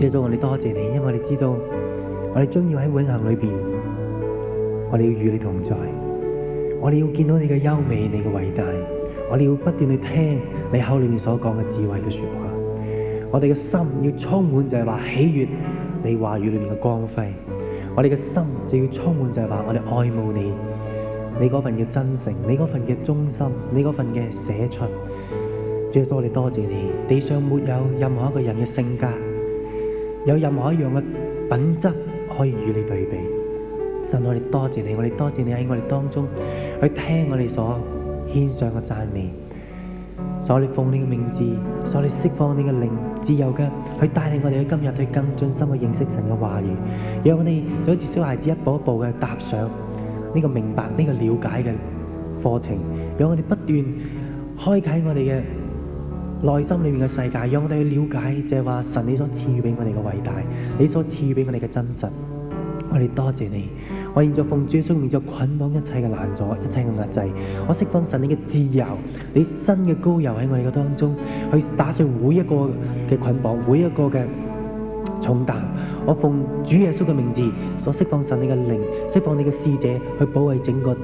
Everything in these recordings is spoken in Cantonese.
耶穌，我哋多謝你，因為我知道我哋中意喺永恆裏邊，我哋要與你同在，我哋要見到你嘅優美，你嘅偉大，我哋要不斷去聽你口裏面所講嘅智慧嘅說話。我哋嘅心要充滿就係話喜悅你話語裏面嘅光輝，我哋嘅心就要充滿就係話我哋愛慕你，你嗰份嘅真誠，你嗰份嘅忠心，你嗰份嘅捨出。耶穌，我哋多謝你。地上沒有任何一個人嘅性格。有任何一樣嘅品質可以與你對比，神我哋多謝你，我哋多謝你喺我哋當中去聽我哋所獻上嘅讚美，所以你奉你嘅名字，所以你釋放你嘅靈自由嘅，去帶領我哋去今日去更進深去認識神嘅話語，讓我哋就好似小孩子一步一步嘅踏上呢個明白呢個了解嘅課程，讓我哋不斷開啟我哋嘅。內心裏面嘅世界，讓我哋去了解，就係話神你所賜予俾我哋嘅偉大，你所賜予俾我哋嘅真實。我哋多謝你，我現在奉主耶穌名字捆綁一切嘅攔阻，一切嘅壓制，我釋放神你嘅自由，你新嘅膏油喺我哋嘅當中去打碎每一個嘅捆綁，每一個嘅重擔。我奉主耶穌嘅名字所釋放神你嘅靈，釋放你嘅使者去保衛整個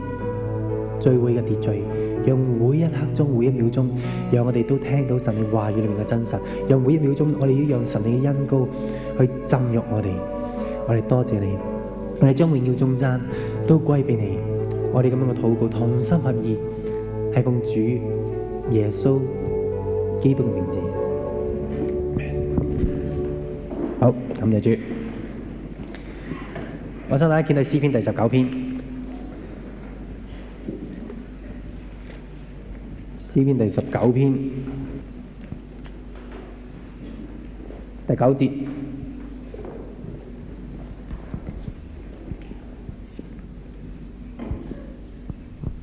聚會嘅秩序。用每一刻鐘、每一秒鐘，讓我哋都聽到神嘅話語裏面嘅真實。讓每一秒鐘，我哋要讓神嘅恩膏去浸入我哋。我哋多謝你，我哋將榮耀頌讚都歸俾你。我哋咁樣嘅禱告，同心合意，係奉主耶穌基督嘅名字。好，感謝主。我想大家見到詩篇第十九篇。呢篇第十九篇第九節，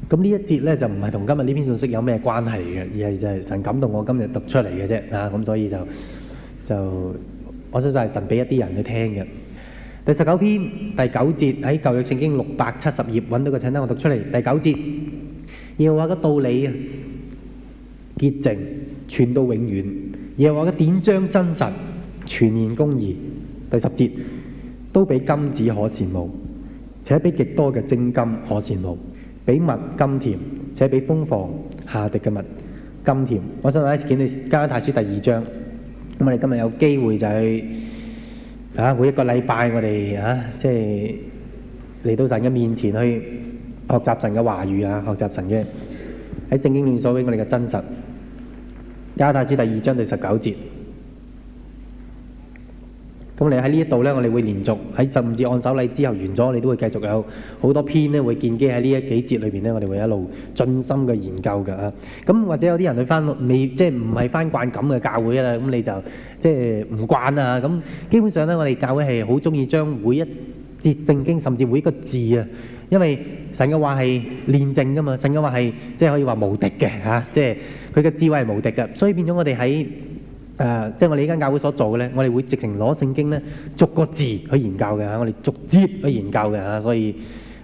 咁呢一節呢就唔係同今日呢篇信息有咩關係嘅，而係就係神感動我今日讀出嚟嘅啫。啊，咁所以就就我相信係神俾一啲人去聽嘅。第十九篇第九節喺舊約聖經六百七十頁揾到個請單，我讀出嚟第九節要話個道理啊！潔淨傳到永遠，耶和華嘅典章真實全然公義。第十節都比金子可羨慕，且比極多嘅精金可羨慕，比蜜甘甜，且比蜂房下滴嘅蜜甘甜。我想一次見你加太書第二章，咁我哋今日有機會就去啊，每一個禮拜我哋啊，即係嚟到神嘅面前去學習神嘅話語啊，學習神嘅喺聖經裏所俾我哋嘅真實。雅太書第二章第十九節，咁你喺呢一度呢，我哋會連續喺甚至按手禮之後完咗，你都會繼續有好多篇呢會建基喺呢一幾節裏邊呢，我哋會一路盡心嘅研究噶。咁或者有啲人去翻你即係唔係翻慣咁嘅教會啦，咁你就即係唔慣啊。咁基本上呢，我哋教會係好中意將每一節聖經甚至每一個字啊。因為神嘅話係煉淨噶嘛，神嘅話係即係可以話無敵嘅嚇，即係佢嘅智慧係無敵嘅，所以變咗我哋喺誒，即、呃、係、就是、我哋呢間教會所做嘅咧，我哋會直情攞聖經咧逐個字去研究嘅嚇，我哋逐節去研究嘅嚇，所以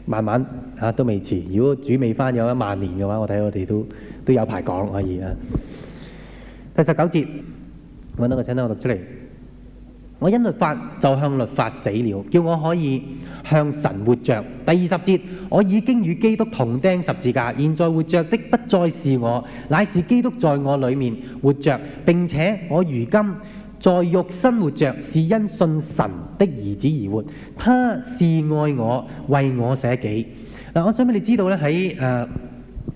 慢慢嚇、啊、都未遲。如果主未翻有一萬年嘅話，我睇我哋都都有排講可以啊。第十九節揾到個請，我讀出嚟。我因律法就向律法死了，叫我可以向神活着。第二十節，我已經與基督同釘十字架，現在活着的不再是我，乃是基督在我裏面活着，並且我如今在肉身活着，是因信神的兒子而活。他是愛我，為我捨己。嗱、啊，我想俾你知道咧，喺誒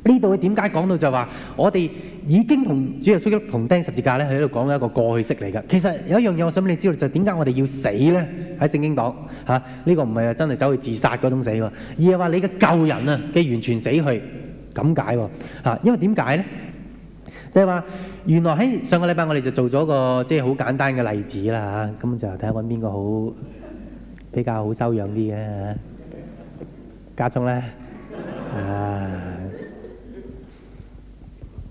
呢度佢點解講到就話我哋。已經同主耶穌同釘十字架咧，佢喺度講一個過去式嚟噶。其實有一樣嘢我想俾你知道，就係點解我哋要死咧？喺聖經講嚇，呢、啊呢個唔係啊真係走去自殺嗰種死喎，而係話你嘅舊人啊嘅完全死去咁解喎。因為點解咧？即係話原來喺上個禮拜我哋就做咗個即係好簡單嘅例子啦嚇。咁、啊、就睇下揾邊個好比較好修養啲嘅家中咧啊。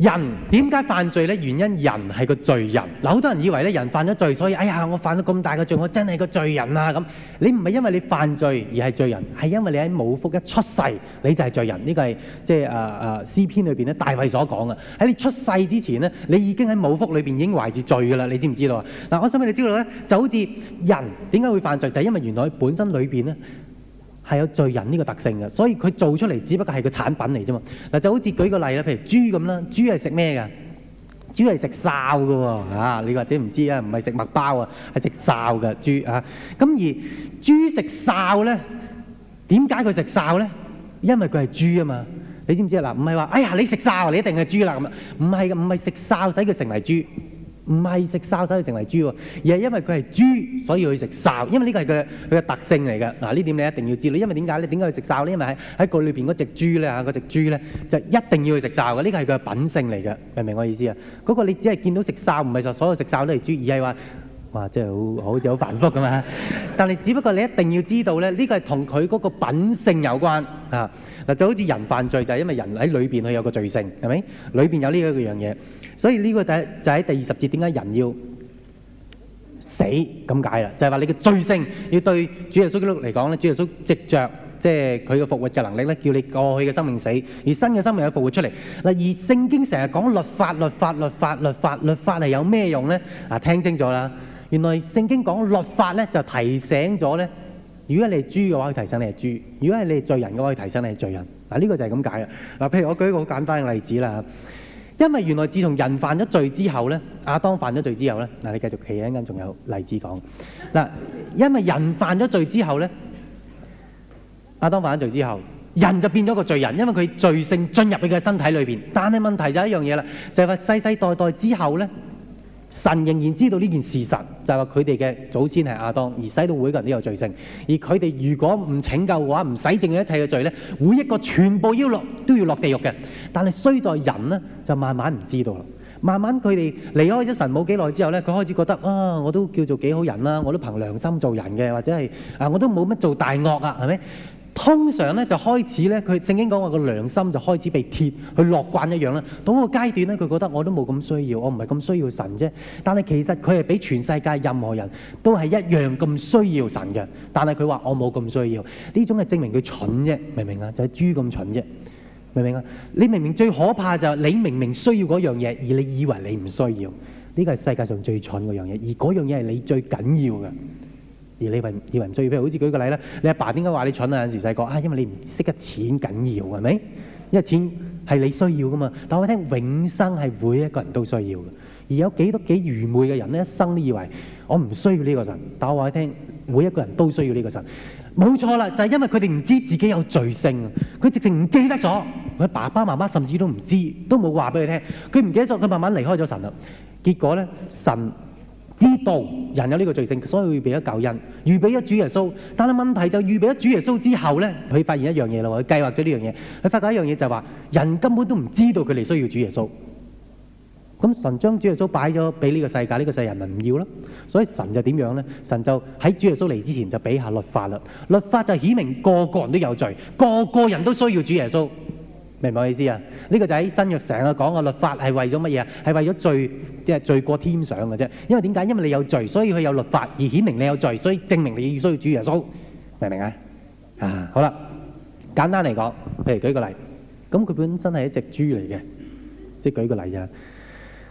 人點解犯罪呢？原因人係個罪人。有好多人以為咧，人犯咗罪，所以哎呀，我犯咗咁大嘅罪，我真係個罪人啊！咁你唔係因為你犯罪而係罪人，係因為你喺母腹一出世你就係罪人。呢、這個係即係誒誒詩篇裏邊咧大衛所講嘅喺你出世之前呢，你已經喺母腹裏邊已經懷住罪㗎啦。你知唔知道啊？嗱，我想俾你知道呢，就好似人點解會犯罪，就係、是、因為原來本身裏邊咧。係有罪人呢個特性嘅，所以佢做出嚟只不過係個產品嚟啫嘛。嗱就好似舉個例啦，譬如豬咁啦，豬係食咩㗎？豬係食餿㗎喎，吓你或者唔知啊？唔係食麥包啊，係食餿㗎豬啊。咁而豬食餿咧，點解佢食餿咧？因為佢係豬啊嘛。你知唔知啊？嗱，唔係話哎呀你食餿你一定係豬啦咁啊？唔係嘅，唔係食餿使佢成為豬。唔係食餿所以成為豬喎，而係因為佢係豬，所以要去食餿。因為呢個係佢佢嘅特性嚟㗎。嗱，呢點你一定要知道。因為點解咧？點解要食餿咧？因為喺喺個裏邊嗰隻豬咧嚇，嗰隻豬咧就一定要去食餿嘅。呢個係佢嘅品性嚟㗎。明唔明我意思啊？嗰個你只係見到食餿，唔係就所有食餿都係豬。而係話哇，真係好好，就好繁複㗎嘛。但係只不過你一定要知道咧，呢個係同佢嗰個品性有關啊。嗱，就好似人犯罪就係因為人喺裏邊佢有個罪性，係咪？裏邊有呢一樣嘢。所以呢個第就喺第二十節，點解人要死咁解啦？就係話你嘅罪性要對主耶穌基督嚟講咧，主耶穌藉著即係佢嘅復活嘅能力咧，叫你過去嘅生命死，而新嘅生命又復活出嚟嗱。而聖經成日講律法、律法、律法、律法、律法係有咩用咧？啊，聽清楚啦，原來聖經講律法咧就提醒咗咧，如果係你係豬嘅話，佢提醒你係豬；如果係你係罪人嘅話，佢提醒你係罪人嗱。呢個就係咁解啦嗱。譬如我舉一個好簡單嘅例子啦。因為原來自從人犯咗罪之後呢，亞當犯咗罪之後呢，嗱你繼續企一陣，仲有例子講嗱，因為人犯咗罪之後呢，亞當犯咗罪之後，人就變咗個罪人，因為佢罪性進入你嘅身體裏邊。但係問題就係一樣嘢啦，就係話世世代代之後呢。神仍然知道呢件事實，就係話佢哋嘅祖先係亞當，而使到每個人都有罪性，而佢哋如果唔拯救嘅話，唔使淨一切嘅罪呢，每一個全部要落都要落地獄嘅。但係衰在人呢，就慢慢唔知道啦。慢慢佢哋離開咗神冇幾耐之後呢，佢開始覺得啊，我都叫做幾好人啦，啊，我都憑良心做人嘅，或者係啊，我都冇乜做大惡啊，係咪？通常咧就開始咧，佢聖經講話個良心就開始被鐵去落慣一樣啦。到個階段咧，佢覺得我都冇咁需要，我唔係咁需要神啫。但係其實佢係比全世界任何人都係一樣咁需要神嘅。但係佢話我冇咁需要，呢種係證明佢蠢啫，明唔明啊？就係、是、豬咁蠢啫，明唔明啊？你明明最可怕就係你明明需要嗰樣嘢，而你以為你唔需要，呢個係世界上最蠢嘅樣嘢，而嗰樣嘢係你最緊要嘅。而你以為以為唔需要，譬如好似舉個例啦，你阿爸點解話你蠢啊？有時細個啊，因為你唔識得錢緊要，係咪？因為錢係你需要噶嘛。但我聽永生係每一個人都需要嘅。而有幾多幾愚昧嘅人咧，一生都以為我唔需要呢個神。但我話你聽，每一個人都需要呢個神。冇錯啦，就係、是、因為佢哋唔知自己有罪性啊！佢直情唔記得咗，佢爸爸媽媽甚至都唔知，都冇話俾佢聽。佢唔記得咗，佢慢慢離開咗神啦。結果咧，神。知道人有呢個罪性，所以會俾咗救恩，預備咗主耶穌。但係問題就預備咗主耶穌之後呢，佢發現一樣嘢咯，佢計劃咗呢樣嘢。佢發覺一樣嘢就係話，人根本都唔知道佢哋需要主耶穌。咁神將主耶穌擺咗俾呢個世界，呢個世人咪唔要咯。所以神就點樣呢？神就喺主耶穌嚟之前就俾下律法啦。律法就顯明個個人都有罪，個個人都需要主耶穌。明唔明我意思啊？呢個就喺新約成日講嘅律法係為咗乜嘢啊？係為咗罪，即係罪過添上嘅啫。因為點解？因為你有罪，所以佢有律法，而顯明你有罪，所以證明你需要主耶穌。明唔明啊？啊，好啦，簡單嚟講，譬如舉個例，咁佢本身係一隻豬嚟嘅，即係舉個例啊。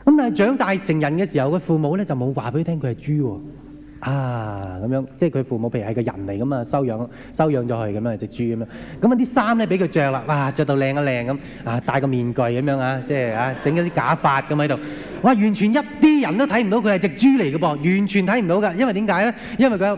咁但係長大成人嘅時候，佢父母咧就冇話俾佢聽佢係豬喎。啊，咁樣即係佢父母，譬如係個人嚟咁啊，收養收養咗佢咁樣隻豬咁樣。咁啊啲衫咧俾佢着啦，哇着到靚啊靚咁啊，戴個面具咁樣啊，即係啊整咗啲假髮咁喺度。哇，完全一啲人都睇唔到佢係隻豬嚟嘅噃，完全睇唔到㗎。因為點解咧？因為佢。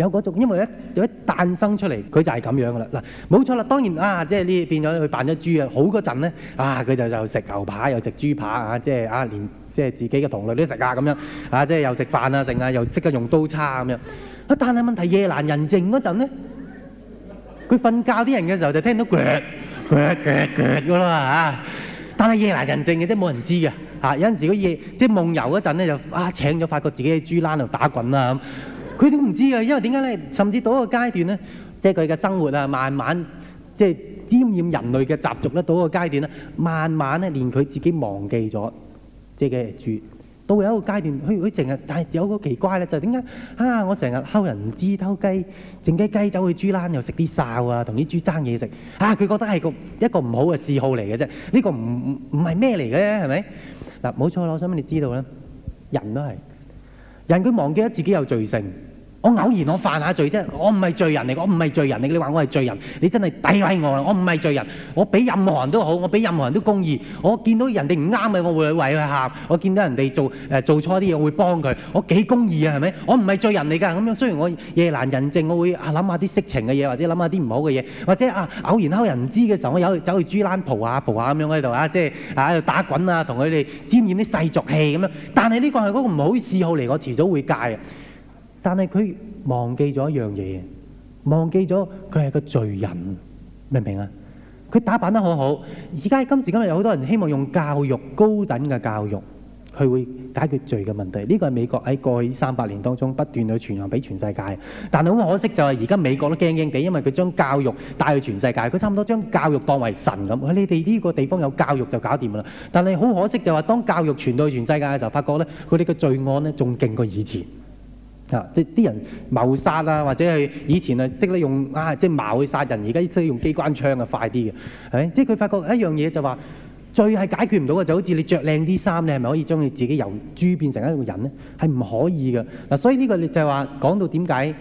有嗰種，因為一一誕生出嚟，佢就係咁樣噶啦。嗱，冇錯啦。當然啊，即係呢變咗佢扮咗豬啊。好嗰陣咧，啊佢就就食牛扒又食豬扒啊，即係啊連即係自己嘅同類都食啊咁樣啊，即係又食飯啊剩啊，又識得用刀叉咁樣。啊，但係問題夜闌人靜嗰陣咧，佢瞓覺啲人嘅時候就聽到噏噏噏噏噶啦嚇。但係夜闌人靜嘅啫，冇人知嘅嚇。有陣時嗰夜即係夢遊嗰陣咧，就啊請咗發覺自己喺豬欄度打滾啦咁。佢都唔知啊，因為點解咧？甚至到一個階段咧，即係佢嘅生活啊，慢慢即係沾染人類嘅習俗咧。到一個階段咧，慢慢咧連佢自己忘記咗，即係豬。到有一個階段，佢佢成日，但係有個奇怪咧，就點解啊？我成日偷人唔知偷雞，淨雞雞走去豬欄又食啲哨啊，同啲豬爭嘢食。啊，佢覺得係個一個唔好嘅嗜好嚟嘅啫。呢個唔唔唔係咩嚟嘅咧，係咪？嗱，冇錯啦，想俾你知道咧？人都係人，佢忘記咗自己有罪性。我偶然我犯下罪啫，我唔係罪人嚟，我唔係罪人嚟。你話我係罪人，你真係詆毀我啦！我唔係罪人，我比任何人都好，我比任何人都公義。我見到人哋唔啱嘅，我會為佢喊；我見到人哋做誒做錯啲嘢，我會幫佢。我幾公義啊，係咪？我唔係罪人嚟㗎。咁樣雖然我夜闌人靜，我會啊諗下啲色情嘅嘢，或者諗下啲唔好嘅嘢，或者啊偶然啱人唔知嘅時候，我有走去豬欄蒲下蒲下咁樣喺度啊，即係喺度打滾啊，同佢哋沾染啲世俗氣咁樣。但係呢個係嗰個唔好嗜好嚟，我遲早會戒嘅。但係佢忘記咗一樣嘢，忘記咗佢係個罪人，明唔明啊？佢打扮得好好，而家今時今日有好多人希望用教育高等嘅教育，去會解決罪嘅問題。呢個係美國喺過去三百年當中不斷去傳揚俾全世界。但係好可惜就係而家美國都驚驚地，因為佢將教育帶去全世界，佢差唔多將教育當為神咁。你哋呢個地方有教育就搞掂啦。但係好可惜就係當教育傳到去全世界嘅時候，發覺呢，佢哋嘅罪案呢，仲勁過以前。啊！即啲人謀殺啊，或者係以前啊識得用啊，即矛去殺人，而家即用機關槍啊快啲嘅。誒，即佢發覺一樣嘢就話，最係解決唔到嘅，就好似你着靚啲衫，你係咪可以將你自己由豬變成一個人咧？係唔可以嘅嗱。所以呢個你就係話講到點解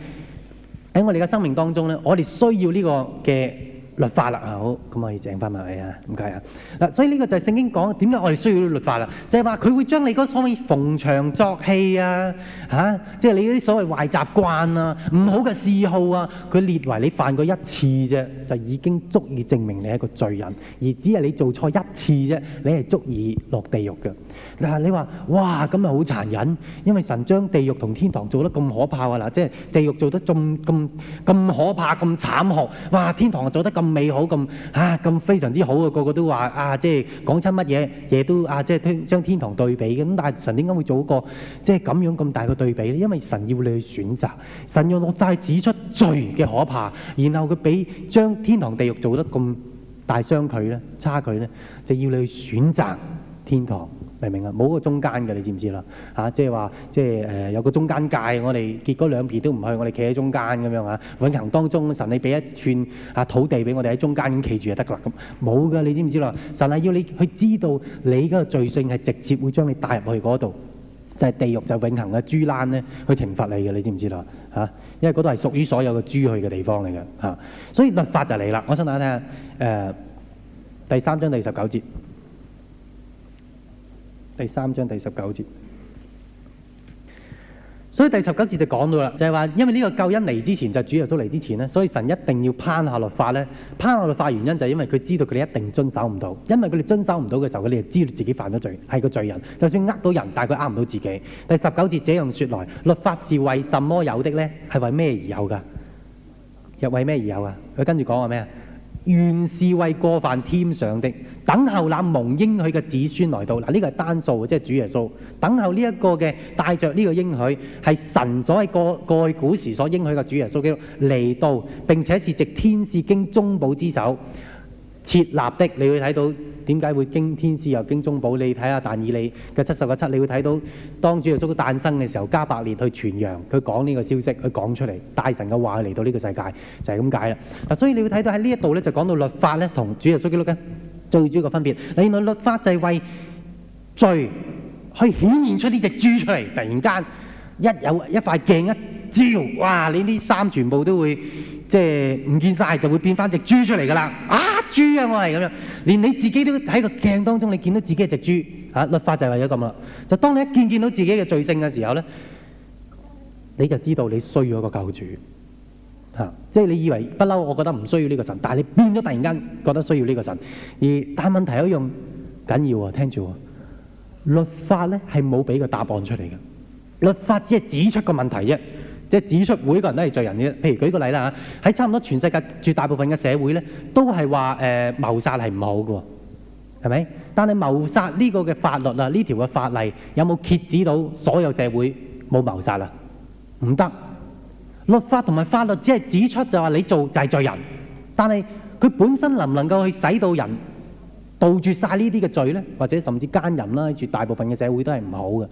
喺我哋嘅生命當中咧，我哋需要呢個嘅，律法啦，好，咁我要整翻埋嚟啊，唔該啊。嗱，所以呢個就係聖經講點解我哋需要律法啦，就係話佢會將你嗰所謂逢場作戲啊，嚇，即係你嗰啲所謂壞習慣啊、唔好嘅嗜好啊，佢列為你犯過一次啫，就已經足以證明你係一個罪人，而只係你做錯一次啫，你係足以落地獄嘅。嗱，你話哇咁咪好殘忍，因為神將地獄同天堂做得咁可怕啊！嗱，即係地獄做得咁咁咁可怕、咁慘酷，哇！天堂做得咁美好、咁啊咁非常之好啊！個個都話啊，即係講親乜嘢嘢都啊，即係將天堂對比嘅咁。但係神點解會做一個即係咁樣咁大嘅對比呢？因為神要你去選擇，神要落帶指出罪嘅可怕，然後佢俾將天堂地獄做得咁大相距咧差距咧，就要你去選擇天堂。明唔明啊？冇個中間嘅，你知唔知啦？嚇、啊，即係話，即係誒有個中間界，我哋結果兩邊都唔去，我哋企喺中間咁樣啊。永恆當中，神你俾一串啊土地俾我哋喺中間咁企住就得噶啦。咁冇噶，你知唔知啦？神係要你去知道你嗰個罪性係直接會將你帶入去嗰度，即、就、係、是、地獄，就是、永恆嘅豬欄咧去懲罰你嘅，你知唔知啦？嚇、啊，因為嗰度係屬於所有嘅豬去嘅地方嚟嘅嚇。所以律法就嚟啦。我想睇下誒第三章第二十九節。第三章第十九節，所以第十九節就講到啦，就係話，因為呢個救恩嚟，之前就主耶穌嚟之前呢，所以神一定要頒下律法咧。頒下律法原因就係因為佢知道佢哋一定遵守唔到，因為佢哋遵守唔到嘅時候，佢哋就知道自己犯咗罪，係個罪人。就算呃到人，但係佢呃唔到自己。第十九節這樣說來，律法是為什麼有的呢？係為咩而有噶？又為咩而有呀？佢跟住講話咩？原是為過犯添上的，等候那蒙應許嘅子孫來到。嗱，呢個係單數，即係主耶穌，等候呢一個嘅帶着呢個應許，係神所喺過過去古時所應許嘅主耶穌基督嚟到，並且是藉天使經中保之手設立的。你會睇到。點解會經天使又經中保？你睇下但以理嘅七十個七，你會睇到當主耶穌誕生嘅時候，加百列去傳揚，佢講呢個消息，佢講出嚟，大神嘅話嚟到呢個世界就係咁解啦。嗱，所以你會睇到喺呢一度咧，就講到律法咧同主耶穌基督咧最主要嘅分別。原來律法就為罪，可以顯現出呢隻豬出嚟。突然間一有一塊鏡一。哇！你啲衫全部都會即係唔見晒就會變返隻豬出嚟㗎喇！啊豬啊！我係咁樣，連你自己都喺個鏡當中，你見到自己係隻豬嚇、啊。律法就係為咗咁啦。就當你一見見到自己嘅罪性嘅時候咧，你就知道你需要一個救主嚇。即、啊、係、就是、你以為不嬲，我覺得唔需要呢個神，但係你變咗突然間覺得需要呢個神。而但問題一樣緊要啊！聽住啊，律法咧係冇俾個答案出嚟嘅，律法只係指出個問題啫。即、就、係、是、指出每一個人都係罪人嘅，譬如舉個例啦嚇，喺差唔多全世界絕大部分嘅社會咧，都係話誒謀殺係唔好嘅，係咪？但係謀殺呢個嘅法律啊，呢條嘅法例、這個、有冇遏止到所有社會冇謀殺啊？唔得，律法同埋法律只係指出就話你做就係罪人，但係佢本身能唔能夠去使到人杜絕晒呢啲嘅罪咧，或者甚至奸淫啦，絕大部分嘅社會都係唔好嘅。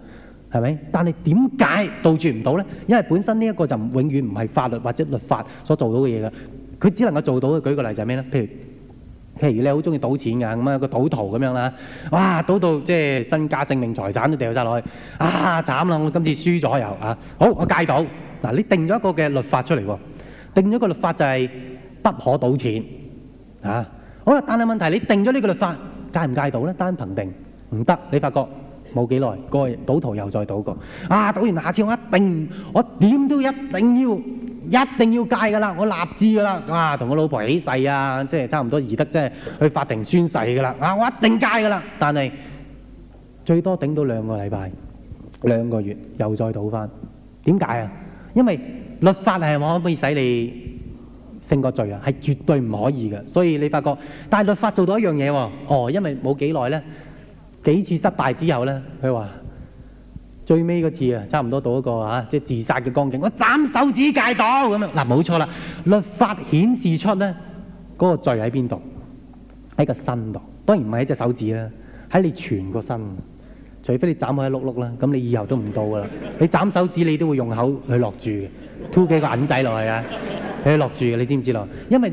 係咪？但係點解杜絕唔到咧？因為本身呢一個就永遠唔係法律或者律法所做到嘅嘢㗎。佢只能夠做到嘅舉個例就係咩咧？譬如譬如你好中意賭錢㗎，咁樣個賭徒咁樣啦，哇賭到即係身家、性命、財產都掉晒落去，啊慘啦！我今次輸咗又啊，好我戒賭嗱，你定咗一個嘅律法出嚟喎，定咗個律法就係不可賭錢啊。好啦，但係問題你定咗呢個律法戒唔戒到咧？單憑定唔得，你發覺。冇幾耐，個賭徒又再賭過。啊，賭完下次我一定，我點都一定要，一定要戒噶啦，我立志噶啦，啊，同我老婆起誓啊，即係差唔多而得，即係去法庭宣誓噶啦。啊，我一定戒噶啦，但係最多頂到兩個禮拜，兩個月又再賭翻。點解啊？因為律法係咪可唔可以使你勝個罪啊？係絕對唔可以嘅。所以你發覺，但係律法做到一樣嘢喎。哦，因為冇幾耐咧。幾次失敗之後咧，佢話最尾嗰次啊，差唔多到一個啊，即係自殺嘅光景，我斬手指戒毒賭咁啊！嗱，冇錯啦，律法顯示出咧嗰個罪喺邊度？喺個身度，當然唔係喺隻手指啦，喺你全個身，除非你斬開一碌碌啦，咁你以後都唔到噶啦。你斬手指，你都會用口去落注，吐幾個銀仔落去啊，你去落注嘅，你知唔知咯？因為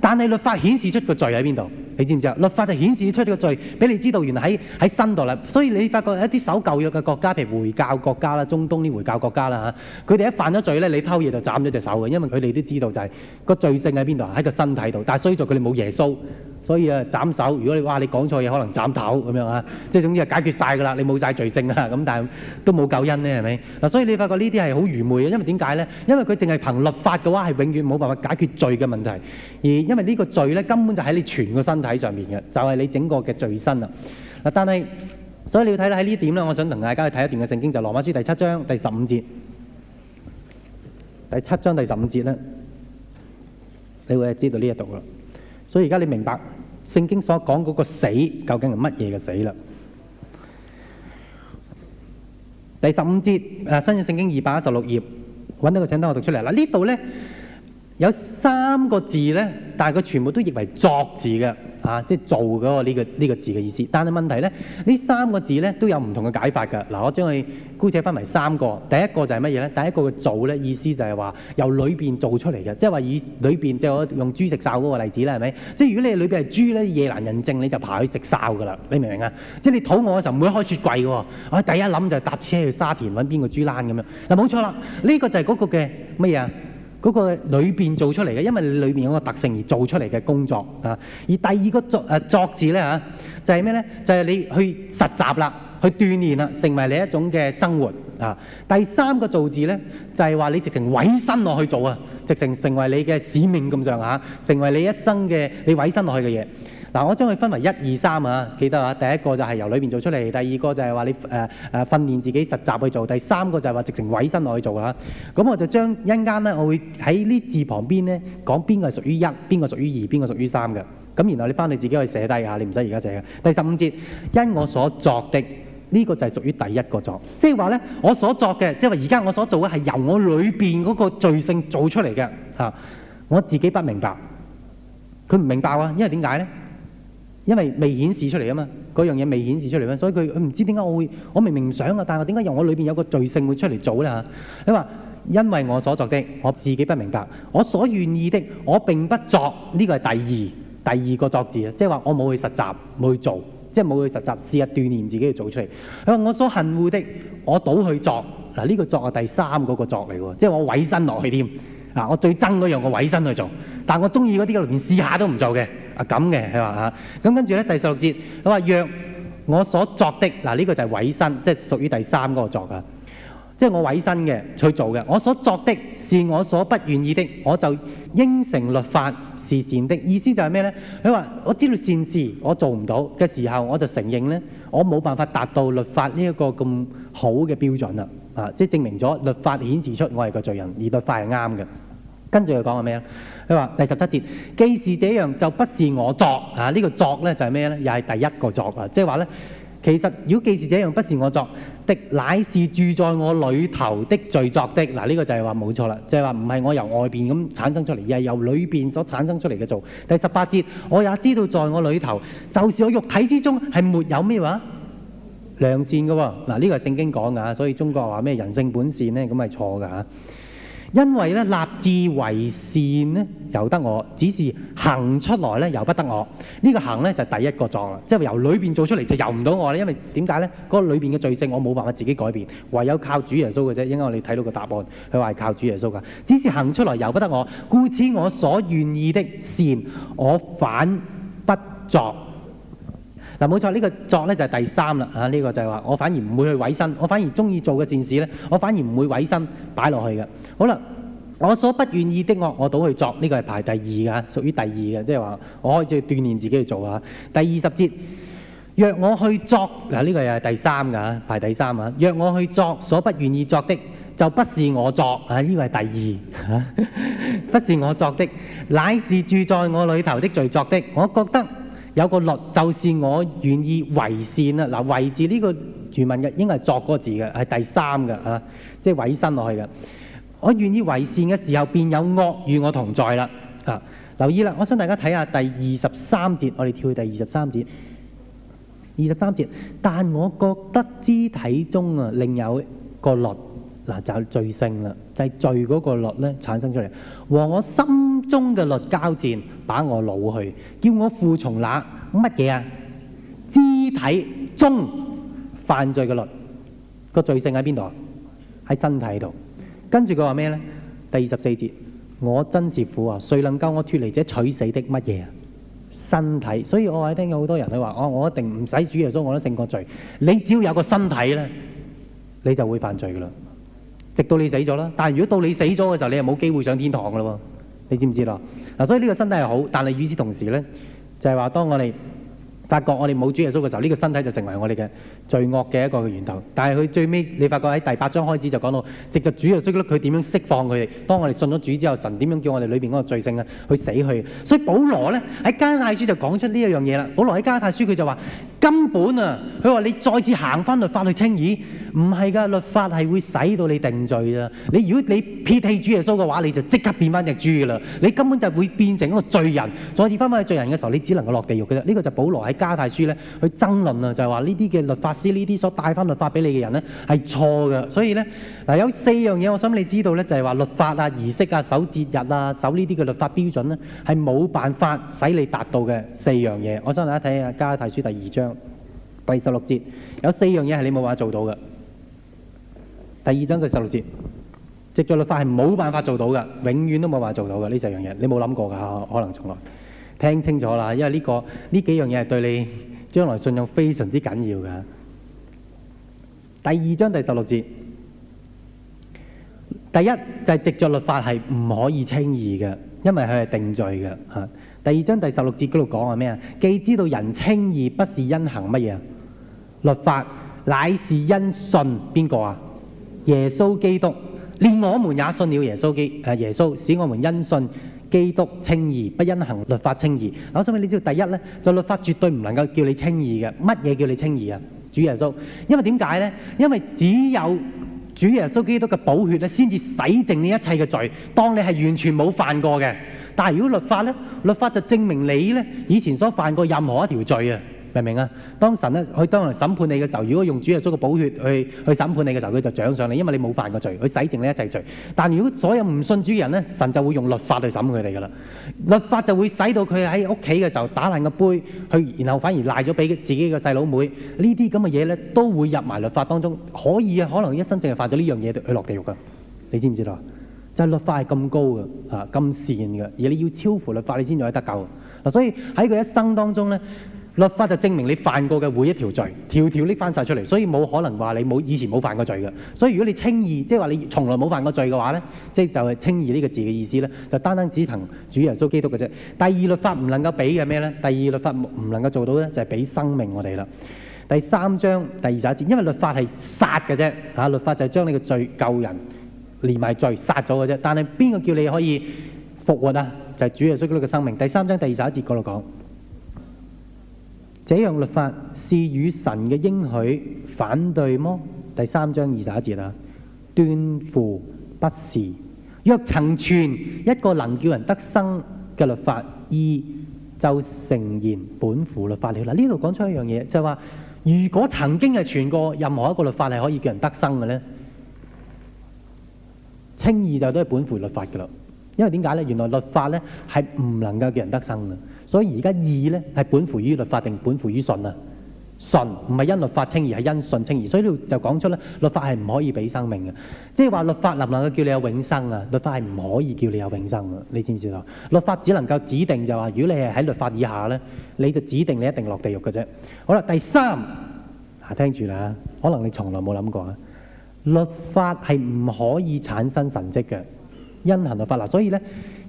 但係律法顯示出個罪喺邊度？你知唔知啊？律法就顯示出呢個罪，俾你知道原來喺喺身度啦。所以你發覺一啲守舊約嘅國家，譬如回教國家啦、中東啲回教國家啦嚇，佢哋一犯咗罪咧，你偷嘢就斬咗隻手嘅，因為佢哋都知道就係、是、個罪性喺邊度，喺個身體度。但係衰在佢哋冇耶穌，所以啊斬手。如果你，哇你話你講錯嘢，可能斬頭咁樣啊，即係總之啊解決晒㗎啦，你冇晒罪性啊咁，但係都冇救恩呢，係咪？嗱，所以你發覺呢啲係好愚昧嘅，因為點解咧？因為佢淨係憑律法嘅話，係永遠冇辦法解決罪嘅問題。而因為呢個罪咧，根本就喺你全個身體。喺上面嘅就係、是、你整個嘅罪性啦，嗱但係，所以你要睇啦喺呢點咧，我想同大家去睇一段嘅聖經，就羅、是、馬書第七章第十五節，第七章第十五節咧，你會知道呢一度啦，所以而家你明白聖經所講嗰個死究竟係乜嘢嘅死啦？第十五節啊，新約聖經二百一十六頁，揾到個請等我讀出嚟啦，呢度咧。有三個字呢，但係佢全部都譯為作字嘅，啊，即係做嗰個呢個呢個字嘅意思。但係問題呢，呢三個字呢都有唔同嘅解法㗎。嗱，我將佢姑且分為三個。第一個就係乜嘢呢？第一個嘅做呢意思就係話由裏邊做出嚟嘅，即係話以裏邊即係我用豬食哨嗰個例子啦，係咪？即係如果你係裏邊係豬咧，夜闌人靜你就爬去食哨㗎啦。你明唔明啊？即係你肚餓嘅時候唔會開雪櫃喎，我第一諗就搭車去沙田揾邊個豬欄咁樣。嗱，冇錯啦，呢個就係嗰個嘅乜嘢啊？什麼嗰、那個裏面做出嚟嘅，因為你裏面嗰個特性而做出嚟嘅工作啊。而第二個作誒、啊、作字呢，嚇，就係咩呢？就係、是就是、你去實習啦，去鍛鍊啦，成為你一種嘅生活啊。第三個做字呢，就係、是、話你直情委身落去做啊，直情成為你嘅使命咁上下，成為你一生嘅你委身落去嘅嘢。啊、我將佢分為一二三啊，記得啊。第一個就係由裏面做出嚟，第二個就係話你、呃呃、訓練自己實習去做，第三個就係話直情委身落去做啊。咁我就將一間呢，我會喺呢字旁邊咧講邊個屬於一，邊個屬於二，邊個屬於三嘅。咁然後你返去自己去寫低嚇，你唔使而家寫嘅。第十五節，因我所作的呢、這個就係屬於第一個作，即係話我所作嘅，即係話而家我所做嘅係由我裏面嗰個罪性做出嚟嘅、啊、我自己不明白，佢唔明白啊，因為點解呢？因為未顯示出嚟啊嘛，嗰樣嘢未顯示出嚟啊，所以佢唔知點解我會，我明明唔想啊，但係我點解由我裏邊有個罪性會出嚟做呢？嚇？你話因為我所作的，我自己不明白；我所願意的，我並不作。呢個係第二第二個作字啊，即係話我冇去實習冇去做，即係冇去實習試下鍛鍊自己去做出嚟。你話我所恨惡的，我倒去作，嗱，呢個作係第三嗰個作嚟喎，即係我委身落去添。嗱，我最憎嗰樣，我委身去做，但我中意嗰啲，連試下都唔做嘅，啊咁嘅，係嘛嚇？咁跟住咧，第十六節，佢話若我所作的，嗱、這、呢個就係委身，即、就、係、是、屬於第三嗰個作噶，即、就、係、是、我委身嘅去做嘅。我所作的是我所不願意的，我就應承律法是善的。意思就係咩呢？佢話我知道善事我做唔到嘅時候，我就承認呢，我冇辦法達到律法呢一個咁好嘅標準啦。啊，即係證明咗律法顯示出我係個罪人，而律法係啱嘅。跟住佢講係咩呢？佢話第十七節，既是這樣，就不是我作啊！呢、這個作呢，就係、是、咩呢？又係第一個作啊！即係話呢，其實如果既是這樣，不是我作的，乃是住在我裏頭的罪作的。嗱、啊，呢、這個就係話冇錯啦，即係話唔係我由外邊咁產生出嚟，而係由裏邊所產生出嚟嘅做。第十八節，我也知道在我裏頭，就是我肉體之中係沒有咩話良善嘅喎。嗱、啊，呢、這個係聖經講嘅，所以中國話咩人性本善呢？咁係錯嘅。因為咧，立志為善咧，由得我；只是行出來咧，由不得我。呢個行咧就係第一個作啦，即係由裏邊做出嚟就由唔到我咧。因為點解呢？嗰個裏邊嘅罪性，我冇辦法自己改變，唯有靠主耶穌嘅啫。應該我哋睇到個答案，佢話係靠主耶穌噶。只是行出來由不得我，故此我所願意的善，我反不作。嗱，冇錯，呢個作咧就係第三啦。啊，呢個就係話我反而唔會去委身，我反而中意做嘅善事咧，我反而唔會委身擺落去嘅。好啦，我所不願意的惡我倒去作，呢個係排第二嘅，屬於第二嘅，即係話我開始去鍛鍊自己去做啊。第二十節，若我去作嗱呢、啊這個又係第三嘅，排第三啊。若我去作所不願意作的，就不是我作啊。呢、這個係第二，啊、 不是我作的，乃是住在我裏頭的罪作的。我覺得有個律就是我願意為善啊。嗱，為字呢個原文嘅應該係作個字嘅，係第三嘅啊，即係委身落去嘅。我願意為善嘅時候，便有惡與我同在啦。啊，留意啦！我想大家睇下第二十三節，我哋跳去第二十三節。二十三節，但我覺得肢體中啊，另有個律嗱、啊，就有罪性啦，就係、是、罪嗰個律咧產生出嚟，和我心中嘅律交戰，把我擄去，叫我附從那乜嘢啊？肢體中犯罪嘅律個罪性喺邊度啊？喺身體度。跟住佢話咩呢？第二十四節，我真是苦啊！誰能救我脫離這取死的乜嘢啊？身體。所以我喺聽到好多人都話，哦，我一定唔使主耶穌，我都勝過罪。你只要有個身體呢，你就會犯罪噶啦，直到你死咗啦。但係如果到你死咗嘅時候，你係冇機會上天堂噶咯，你知唔知咯？嗱，所以呢個身體係好，但係與此同時呢，就係話當我哋，發覺我哋冇主耶穌嘅時候，呢個身體就成為我哋嘅罪惡嘅一個源頭。但係佢最尾，你發覺喺第八章開始就講到，藉著主耶穌咧，佢點樣釋放佢哋？當我哋信咗主之後，神點樣叫我哋裏面嗰個罪性去死去？所以保羅呢，喺加泰書就講出呢樣嘢喇。保羅喺加泰書佢就話根本啊，佢話你再次行翻律法去清義，唔係㗎。律法係會使到你定罪啊！你如果你撇棄主耶穌嘅話，你就即刻變返隻豬噶啦！你根本就會變成一個罪人，再次翻翻去罪人嘅時候，你只能夠落地獄嘅。呢個就係保羅加太書咧，去爭論啊，就係話呢啲嘅律法師，呢啲所帶翻律法俾你嘅人呢係錯嘅。所以呢，嗱有四樣嘢，我想你知道呢，就係話律法啊、儀式啊、守節日啊、守呢啲嘅律法標準咧，係冇辦法使你達到嘅四樣嘢。我想大家睇下加太書第二，第，第二章第十六節，有四樣嘢係你冇辦法做到嘅。第二章嘅十六節，藉住律法係冇辦法做到嘅，永遠都冇辦法做到嘅呢四樣嘢，你冇諗過㗎，可能從來。聽清楚啦，因為呢、這個呢幾樣嘢係對你將來信任非常之緊要嘅。第二章第十六節，第一就係藉著律法係唔可以稱義嘅，因為佢係定罪嘅嚇。第二章第十六節嗰度講係咩啊？既知道人稱義不是因行乜嘢，律法乃是因信邊個啊？耶穌基督，連我們也信了耶穌，基督耶穌，使我們因信。基督稱義，不因行律法稱義。我想俾你知道，第一呢，就律法絕對唔能夠叫你稱義嘅。乜嘢叫你稱義啊？主耶穌，因為點解呢？因為只有主耶穌基督嘅寶血咧，先至洗淨呢一切嘅罪。當你係完全冇犯過嘅，但係如果律法呢，律法就證明你呢以前所犯過任何一條罪啊。明唔明啊？當神咧，佢當審判你嘅時候，如果用主耶穌嘅寶血去去審判你嘅時候，佢就獎賞你，因為你冇犯過罪，佢洗淨你一切罪。但如果所有唔信主嘅人咧，神就會用律法去審佢哋噶啦。律法就會使到佢喺屋企嘅時候打爛個杯，佢然後反而賴咗俾自己嘅細佬妹呢啲咁嘅嘢咧，都會入埋律法當中。可以啊，可能一生淨係犯咗呢樣嘢去落地獄噶。你知唔知道、就係、啊？就係律法係咁高嘅啊，咁善嘅，而你要超乎律法，你先至可以得救、啊、所以喺佢一生當中咧。律法就證明你犯過嘅每一條罪，條條拎翻晒出嚟，所以冇可能話你冇以前冇犯過罪嘅。所以如果你稱義，即係話你從來冇犯過罪嘅話呢，即係就係稱義呢個字嘅意思呢，就單單只憑主耶穌基督嘅啫。第二律法唔能夠俾嘅咩呢？第二律法唔能夠做到呢，就係俾生命我哋啦。第三章第二十一節，因為律法係殺嘅啫，嚇律法就係將你嘅罪舊人連埋罪殺咗嘅啫。但係邊個叫你可以復活啊？就係主耶穌基督嘅生命。第三章第二十一節嗰度講。這樣律法是與神嘅應許反對麼？第三章二十一節啊，斷乎不是。若曾傳一個能叫人得生嘅律法，義就誠然本乎律法了。嗱，呢度講出一樣嘢，就係、是、話，如果曾經係傳過任何一個律法係可以叫人得生嘅呢，稱義就都係本乎律法嘅啦。因為點解呢？原來律法呢係唔能夠叫人得生嘅。所以而家義呢係本乎於律法定，是本乎於信啊！信唔係因律法稱義，係因信稱義，所以呢度就講出咧律法係唔可以俾生命嘅，即係話律法能唔能夠叫你有永生啊！律法係唔可以叫你有永生啊。你知唔知道？律法只能夠指定就話，如果你係喺律法以下呢，你就指定你一定落地獄嘅啫。好啦，第三嗱，聽住啦，可能你從來冇諗過啊！律法係唔可以產生神跡嘅，因行律法嗱，所以呢，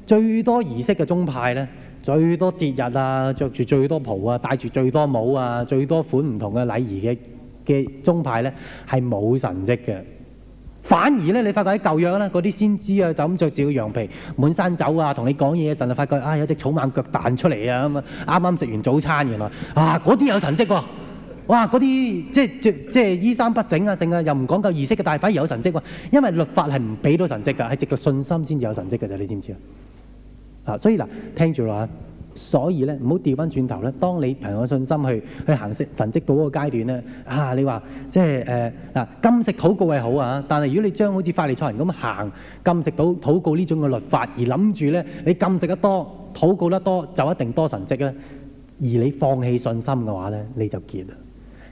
最多儀式嘅宗派呢。最多節日啊，着住最多袍啊，戴住最多帽啊，最多款唔同嘅禮儀嘅嘅宗派呢，係冇神跡嘅。反而呢，你發覺喺舊約咧，嗰啲先知啊，就咁着住個羊皮，滿山走啊，同你講嘢，神就發覺啊、哎，有隻草蜢腳彈出嚟啊，咁啊，啱啱食完早餐，原來啊，嗰啲有神跡喎、啊。哇，嗰啲即係即係衣衫不整啊，剩啊，又唔講究儀式嘅大夥兒有神跡喎、啊。因為律法係唔俾到神跡㗎，係藉個信心先至有神跡㗎啫，你知唔知啊？所以嗱，聽住啦，所以咧，唔好掉翻轉頭咧。當你憑有信心去去行使神蹟到嗰個階段咧，啊，你話即係誒嗱，禁食禱告係好啊，但係如果你將好似法利賽人咁行禁食到禱告呢種嘅律法，而諗住咧你禁食得多禱告得多就一定多神蹟咧，而你放棄信心嘅話咧，你就結啦。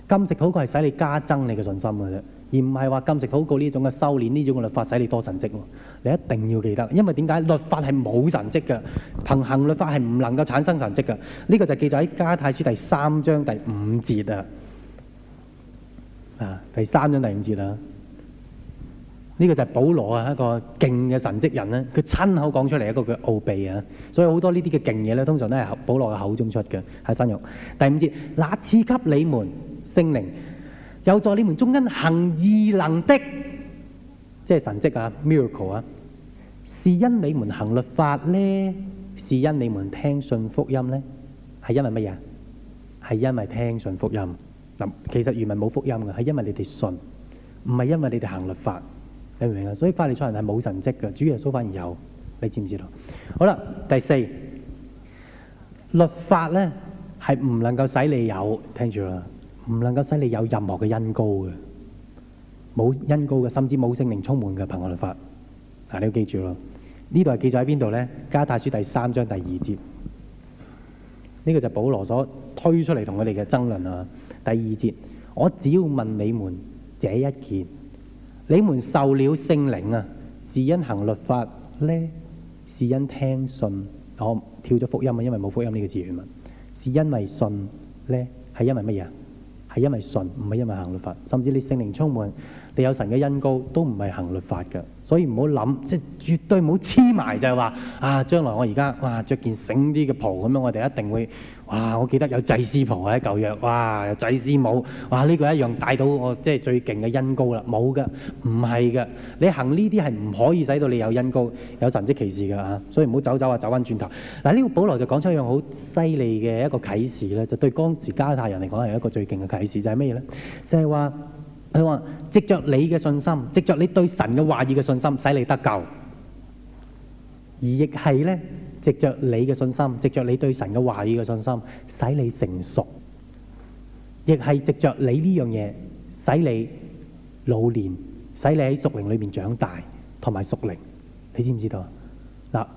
禁食禱告係使你加增你嘅信心嘅啫，而唔係話禁食禱告呢種嘅修煉呢種嘅律法使你多神蹟。你一定要記得，因為點解？律法係冇神蹟嘅，憑行律法係唔能夠產生神蹟嘅。呢個就記載喺加泰書第三章第五節啊！啊，第三章第五節啊！呢個就係保羅啊一個勁嘅神蹟人咧，佢親口講出嚟一個叫奧秘啊！所以好多呢啲嘅勁嘢咧，通常都係保羅嘅口中出嘅喺新約第五節，那賜給你們聖靈，有助你們中間行異能的。即係神蹟啊，miracle 啊，是因你們行律法呢，是因你們聽信福音呢，係因為乜嘢？係因為聽信福音。嗱，其實原文冇福音嘅，係因為你哋信，唔係因為你哋行律法。你明唔明啊？所以法利賽人係冇神蹟嘅，主耶穌反而有。你知唔知道？好啦，第四，律法咧係唔能夠使你有，聽住啦，唔能夠使你有任何嘅恩膏嘅。冇恩膏嘅，甚至冇聖靈充滿嘅，行惡律法。嗱，你要記住咯。呢度係記載喺邊度呢？加拉太書第三章第二節。呢個就係保羅所推出嚟同佢哋嘅爭論啊。第二節，我只要問你們這一件：你們受了聖靈啊，是因行律法呢？是因聽信我跳咗福音啊，因為冇福音呢個字原文，是因為信呢？係因為乜嘢？係因為信，唔係因為行律法。甚至你聖靈充滿，你有神嘅恩膏都唔係行律法嘅，所以唔好諗，即係絕對唔好黐埋就係話啊！將來我而家哇著件醒啲嘅袍咁樣，我哋一定會哇！我記得有祭司袍喺舊約，哇，有祭司帽，哇，呢個一樣帶到我即係最勁嘅恩膏啦，冇嘅，唔係嘅，你行呢啲係唔可以使到你有恩膏、有神蹟奇事嘅嚇，所以唔好走走話走翻轉頭。嗱，呢個保羅就講出一樣好犀利嘅一個啟示咧，就對當時加太人嚟講係一個最勁嘅啟示，就係咩嘢咧？就係話。佢話藉着你嘅信心，藉着你對神嘅話語嘅信心，使你得救；而亦係咧，藉着你嘅信心，藉着你對神嘅話語嘅信心，使你成熟；亦係藉着你呢樣嘢，使你老練，使你喺屬靈裏面長大，同埋屬靈，你知唔知道啊？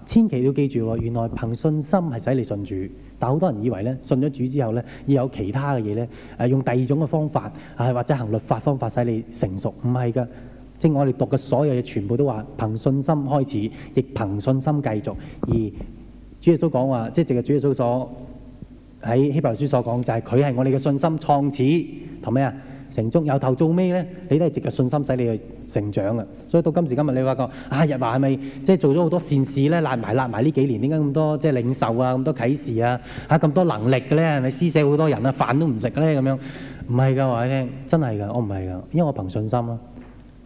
千祈都記住喎，原來憑信心係使你信主，但好多人以為咧，信咗主之後咧，要有其他嘅嘢咧，誒用第二種嘅方法，係或者行律法方法使你成熟，唔係噶，即係我哋讀嘅所有嘢，全部都話憑信心開始，亦憑信心繼續。而主耶穌講話，即係淨係主耶穌所喺希伯來書所講，就係佢係我哋嘅信心創始同咩啊？還有有頭做咩咧？你都係藉個信心使你去成長噶，所以到今時今日，你發覺啊，日華係咪即係做咗好多善事咧？拉埋拉埋呢幾年，點解咁多即係領袖啊，咁多啟示啊，吓咁多能力嘅？咧？係咪施捨好多人啊？飯都唔食咧咁樣？唔係噶，話你聽，真係噶，我唔係噶，因為我憑信心啦，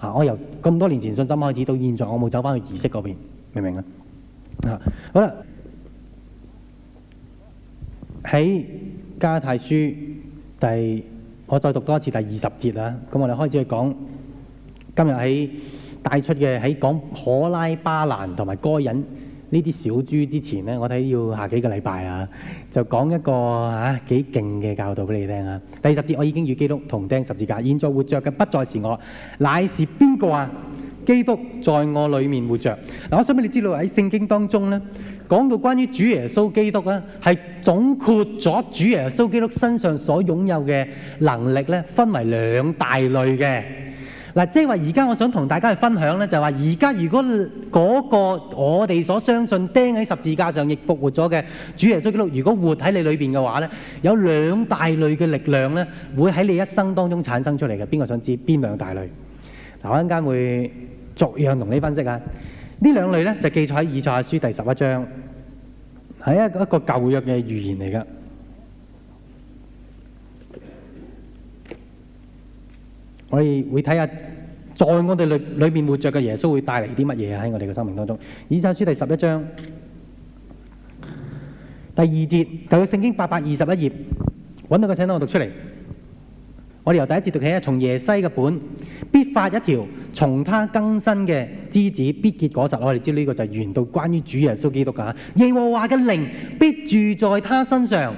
吓，我由咁多年前信心開始，到現在我冇走翻去儀式嗰邊，明唔明啊？吓，好啦，喺加太書第。我再讀多一次第二十節啦。咁我哋開始去講今日喺帶出嘅喺講可拉巴蘭同埋該隱呢啲小豬之前呢，我睇，要下幾個禮拜啊，就講一個吓幾勁嘅教導俾你聽啊。第二十節，我已經與基督同釘十字架，現在活着嘅不再是我，乃是邊個啊？基督在我裏面活着嗱。我想俾你知道喺聖經當中呢。講到關於主耶穌基督咧，係總括咗主耶穌基督身上所擁有嘅能力咧，分為兩大類嘅。嗱，即係話而家我想同大家去分享咧，就係話而家如果嗰個我哋所相信釘喺十字架上亦復活咗嘅主耶穌基督，如果活喺你裏邊嘅話咧，有兩大類嘅力量咧，會喺你一生當中產生出嚟嘅。邊個想知邊兩大類？嗱，我一陣間會逐樣同你分析啊！這兩呢兩類咧，就記載喺《以賽亞書》第十一章，係一個舊約嘅預言嚟噶。我哋會睇下，在我哋裏裏面活着嘅耶穌會帶嚟啲乜嘢喺我哋嘅生命當中。《以賽亞書》第十一章第二節，舊約聖經八百二十一頁揾到個請單，我讀出嚟。我哋由第一節讀起啊，從耶西嘅本必發一條，從他更新嘅枝子必結果實。我哋知呢個就係原道關於主耶穌基督噶。耶和華嘅靈必住在他身上。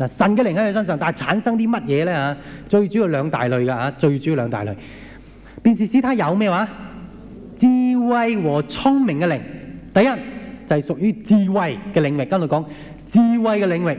嗱，神嘅靈喺佢身上，但係產生啲乜嘢咧？嚇，最主要兩大類㗎嚇，最主要兩大類。便是使他有咩話？智慧和聰明嘅靈，第一就係屬於智慧嘅領域。跟住講智慧嘅領域。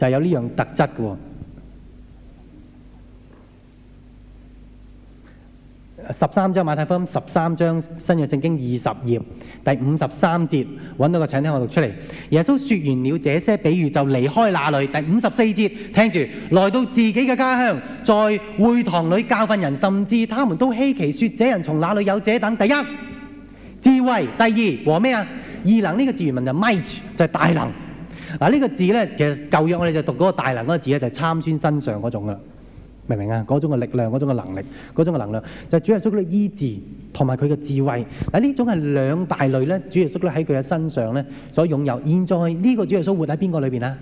就係有呢樣特質嘅喎。十三章馬太福音十三章，新約聖經二十頁，第五十三節揾到個，請聽我讀出嚟。耶穌說完了這些比喻就離開那裏。第五十四節聽住，來到自己嘅家鄉，在會堂裏教訓人，甚至他們都希奇，說：這人從哪裏有這等第一智慧，第二和咩啊？二能呢個字原文就 mighty，就係大能。嗱、這、呢個字呢，其實舊約我哋就讀嗰個大能嗰個字呢，就係參孫身上嗰種啦，明唔明啊？嗰種嘅力量，嗰種嘅能力，嗰種嘅能量，就是、主耶穌嘅醫治同埋佢嘅智慧。嗱呢種係兩大類呢，主耶穌喺佢嘅身上呢所擁有。現在呢個主耶穌活喺邊個裏邊呢？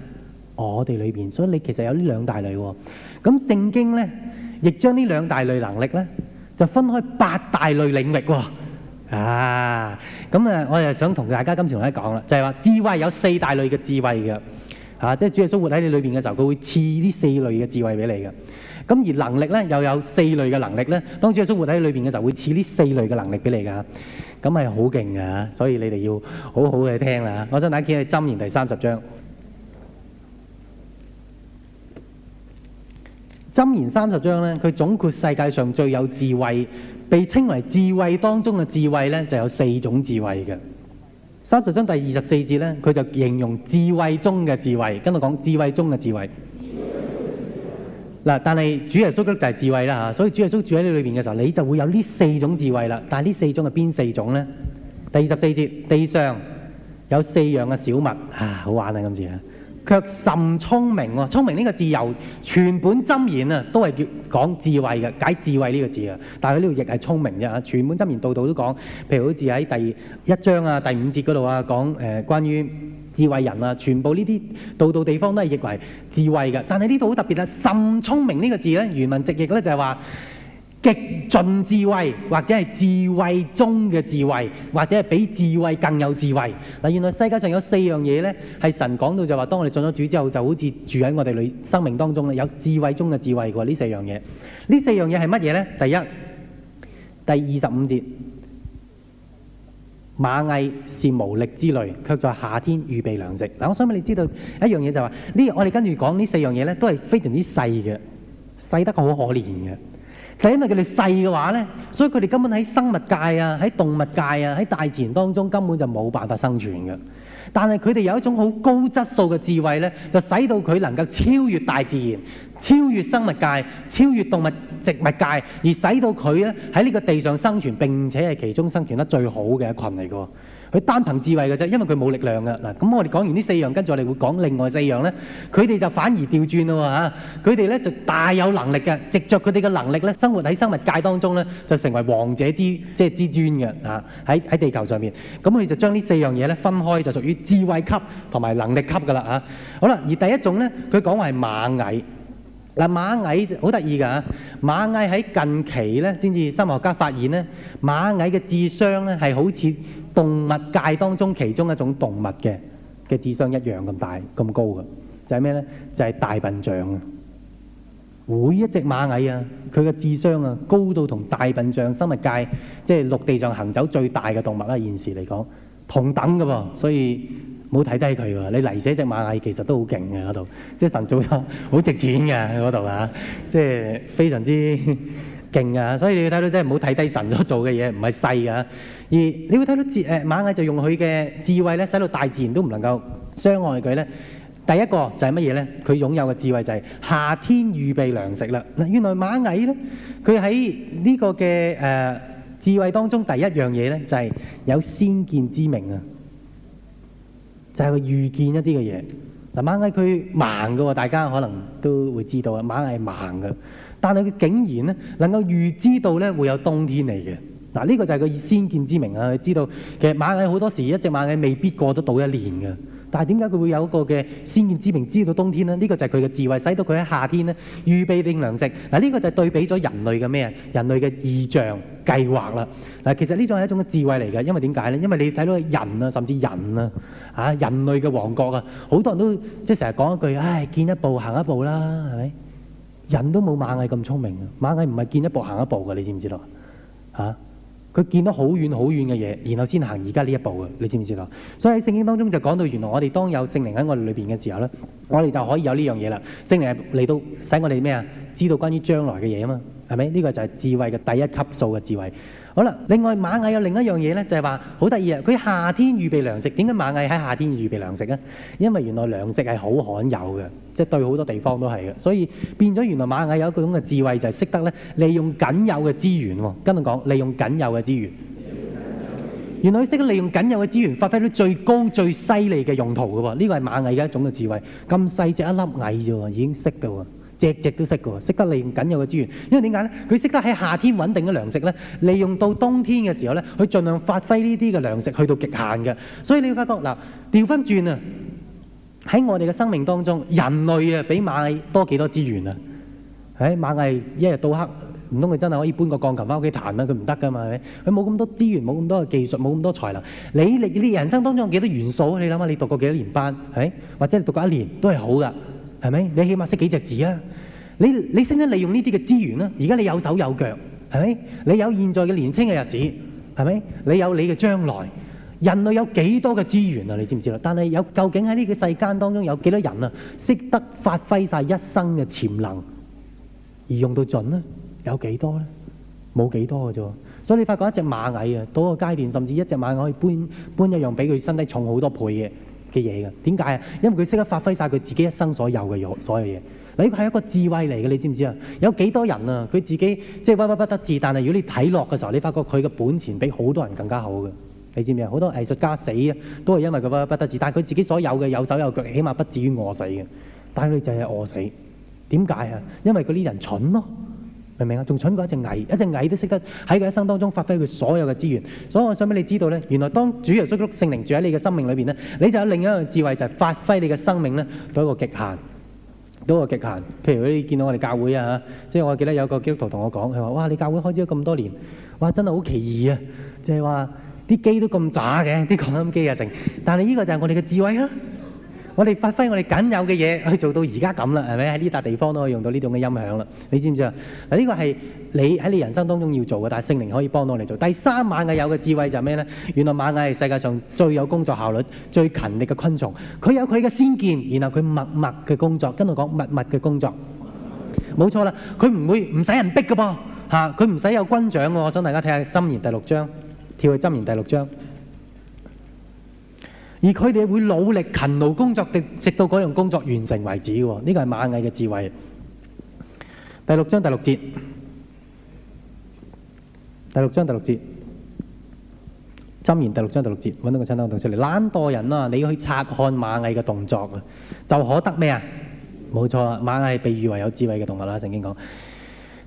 我哋裏邊。所以你其實有呢兩大類喎。咁聖經呢，亦將呢兩大類能力呢，就分開八大類領域喎。啊，咁啊，我又想同大家今次同你講啦，就係話智慧有四大類嘅智慧嘅，嚇、啊，即係主耶穌活喺你裏邊嘅時候，佢會賜呢四類嘅智慧俾你嘅。咁、啊、而能力咧又有四類嘅能力咧，當主耶穌活喺你裏邊嘅時候，會賜呢四類嘅能力俾你噶。咁係好勁嘅，所以你哋要好好嘅聽啦。我想大家睇下《箴言》第三十章，《箴言》三十章咧，佢總括世界上最有智慧。被稱為智慧當中嘅智慧咧，就有四種智慧嘅。三十章第二十四節咧，佢就形容智慧中嘅智慧，跟我講智慧中嘅智慧。嗱，但係主耶穌就係智慧啦嚇，所以主耶穌住喺你裏邊嘅時候，你就會有呢四種智慧啦。但係呢四種係邊四種咧？第二十四節，地上有四樣嘅小物，啊，好玩啊今次。啊！卻甚聰明喎！聰明呢個字由全本箴言啊，都係叫講智慧嘅，解智慧呢個字啊。但係佢呢度譯係聰明啫。全本箴言度度都講，譬如好似喺第一章啊、第五節嗰度啊，講誒、呃、關於智慧人啊，全部呢啲度度地方都係譯為智慧嘅。但係呢度好特別啊，甚聰明呢個字咧，原文直譯咧就係話。極盡智慧，或者係智慧中嘅智慧，或者係比智慧更有智慧。嗱，原來世界上有四樣嘢咧，係神講到就話，當我哋信咗主之後，就好似住喺我哋嘅生命當中啦。有智慧中嘅智慧喎，呢四樣嘢，呢四樣嘢係乜嘢咧？第一，第二十五節，螞蟻是無力之類，卻在夏天預備糧食。嗱，我想俾你知道一樣嘢就係話，呢我哋跟住講呢四樣嘢咧，都係非常之細嘅，細得佢好可憐嘅。就因為佢哋細嘅話呢，所以佢哋根本喺生物界啊、喺動物界啊、喺大自然當中根本就冇辦法生存嘅。但係佢哋有一種好高質素嘅智慧呢，就使到佢能夠超越大自然、超越生物界、超越動物植物界，而使到佢呢喺呢個地上生存，並且係其中生存得最好嘅一群嚟㗎。佢單憑智慧嘅啫，因為佢冇力量噶嗱。咁我哋講完呢四樣，跟住我哋會講另外四樣咧。佢哋就反而調轉咯嚇，佢哋咧就大有能力嘅，藉著佢哋嘅能力咧，生活喺生物界當中咧，就成為王者之即係至尊嘅嚇。喺喺地球上面，咁佢就將呢四樣嘢咧分開，就屬於智慧級同埋能力級噶啦嚇。好啦，而第一種咧，佢講話係螞蟻嗱，螞蟻好得意噶嚇。螞蟻喺近期咧先至，生物學家發現咧，螞蟻嘅智商咧係好似。動物界當中其中一種動物嘅嘅智商一樣咁大咁高嘅，就係、是、咩呢？就係、是、大笨象啊！每一隻螞蟻啊，佢嘅智商啊，高到同大笨象生物界即係、就是、陸地上行走最大嘅動物啦、啊，現時嚟講同等嘅噃、啊，所以冇睇低佢喎、啊。你嚟寫隻螞蟻其實都好勁嘅嗰度，即係、就是、神造得好值錢嘅喺嗰度啊，即、就、係、是、非常之勁啊！所以你睇到真係唔好睇低神所做嘅嘢，唔係細噶。而你會睇到智誒螞蟻就用佢嘅智慧咧，使到大自然都唔能夠傷害佢咧。第一個就係乜嘢咧？佢擁有嘅智慧就係夏天預備糧食啦。嗱，原來螞蟻咧，佢喺呢個嘅誒智慧當中第一樣嘢咧，就係有先見之明啊！就係預見一啲嘅嘢。嗱，螞蟻佢盲嘅喎，大家可能都會知道啊。螞蟻盲嘅。但係佢竟然咧，能夠預知到咧會有冬天嚟嘅，嗱，呢個就係佢以先見之明啊！佢知道其實螞蟻好多時一隻螞蟻未必過得到一年嘅，但係點解佢會有一個嘅先見之明知道冬天咧？呢個就係佢嘅智慧，使到佢喺夏天咧預備定糧食。嗱，呢個就係對比咗人類嘅咩啊？人類嘅異象計劃啦。嗱，其實呢個係一種智慧嚟嘅，因為點解咧？因為你睇到人啊，甚至人啊，啊人類嘅王國啊，好多人都即係成日講一句，唉，見一步行一步啦，係咪？人都冇螞蟻咁聰明，螞蟻唔係見一步行一步㗎，你知唔知道？佢、啊、見到好遠好遠嘅嘢，然後先行而家呢一步嘅，你知唔知道？所以喺聖經當中就講到，原來我哋當有聖靈喺我哋裏邊嘅時候呢，我哋就可以有呢樣嘢啦。聖靈嚟到使我哋咩啊？知道關於將來嘅嘢啊嘛，係咪？呢、呢個就係智慧嘅第一級數嘅智慧。好啦，另外螞蟻有另一樣嘢咧，就係話好得意啊！佢夏天預備糧食，點解螞蟻喺夏天預備糧食啊？因為原來糧食係好罕有嘅，即係對好多地方都係嘅，所以變咗原來螞蟻有一個咁嘅智慧，就係識得咧利用僅有嘅資源喎。跟住講，利用僅有嘅資源，原來識得利用僅有嘅資源，發揮到最高最犀利嘅用途嘅喎。呢個係螞蟻嘅一種嘅智慧，咁細隻一粒蟻啫喎，已經識㗎喎。隻隻都識嘅喎，識得利用僅有嘅資源，因為點解咧？佢識得喺夏天穩定嘅糧食咧，利用到冬天嘅時候咧，佢盡量發揮呢啲嘅糧食去到極限嘅。所以你要發覺嗱，調翻轉啊！喺我哋嘅生命當中，人類啊，比螞蟻多幾多資源啊？誒，螞蟻一日到黑，唔通佢真係可以搬個鋼琴翻屋企彈啊？佢唔得嘅嘛，係咪？佢冇咁多資源，冇咁多技術，冇咁多才能。你你你人生當中有幾多元素？你諗下，你讀過幾多年班？誒，或者你讀過一年都係好嘅。係咪？你起碼識幾隻字啊？你你識唔識利用呢啲嘅資源啊？而家你有手有腳，係咪？你有現在嘅年輕嘅日子，係咪？你有你嘅將來。人類有幾多嘅資源啊？你知唔知啦？但係有究竟喺呢個世間當中有幾多人啊？識得發揮晒一生嘅潛能而用到盡咧？有幾多咧？冇幾多嘅啫。所以你發覺一隻螞蟻啊，到個階段，甚至一隻螞蟻可以搬搬一樣比佢身體重好多倍嘅嘅嘢噶，點解啊？因為佢識得發揮晒佢自己一生所有嘅所有嘢。呢個係一個智慧嚟嘅，你知唔知啊？有幾多人啊？佢自己即係屈屈不得志，但係如果你睇落嘅時候，你發覺佢嘅本錢比好多人更加好嘅，你知唔知啊？好多藝術家死啊，都係因為佢屈屈不得志，但係佢自己所有嘅有手有腳，起碼不至於餓死嘅。但係佢就係餓死，點解啊？因為嗰啲人蠢咯、啊。明唔明啊？仲蠢過一隻蟻，一隻蟻都識得喺佢一生當中發揮佢所有嘅資源。所以我想俾你知道咧，原來當主耶穌基督聖靈住喺你嘅生命裏邊咧，你就有另一個智慧就係、是、發揮你嘅生命咧到一個極限，到一個極限。譬如你見到我哋教會啊，即係我記得有個基督徒同我講，佢話哇，你教會開咗咁多年，哇真係好奇異啊！即係話啲機都咁渣嘅，啲擴音機啊成，但係呢個就係我哋嘅智慧啦。我哋發揮我哋僅有嘅嘢去做到而家咁啦，係咪？喺呢笪地方都可以用到呢種嘅音響啦。你知唔知啊？嗱，呢個係你喺你人生當中要做嘅，但係聖靈可以幫到你做。第三，螞蟻有嘅智慧就係咩咧？原來螞蟻係世界上最有工作效率、最勤力嘅昆蟲。佢有佢嘅先見，然後佢默默嘅工作。跟我講，默默嘅工作，冇錯啦。佢唔會唔使人逼㗎噃嚇，佢唔使有軍長嘅。我想大家睇下《箴言》第六章，跳去《箴言》第六章。而佢哋會努力勤勞工作，定直到嗰樣工作完成為止喎。呢個係螞蟻嘅智慧。第六章第六節，第六章第六節，箴言第六章第六節，揾到個親身動出嚟。懶惰人啊，你要去察看螞蟻嘅動作，啊，就可得咩啊？冇錯啊，螞蟻被譽為有智慧嘅動物啦。聖經講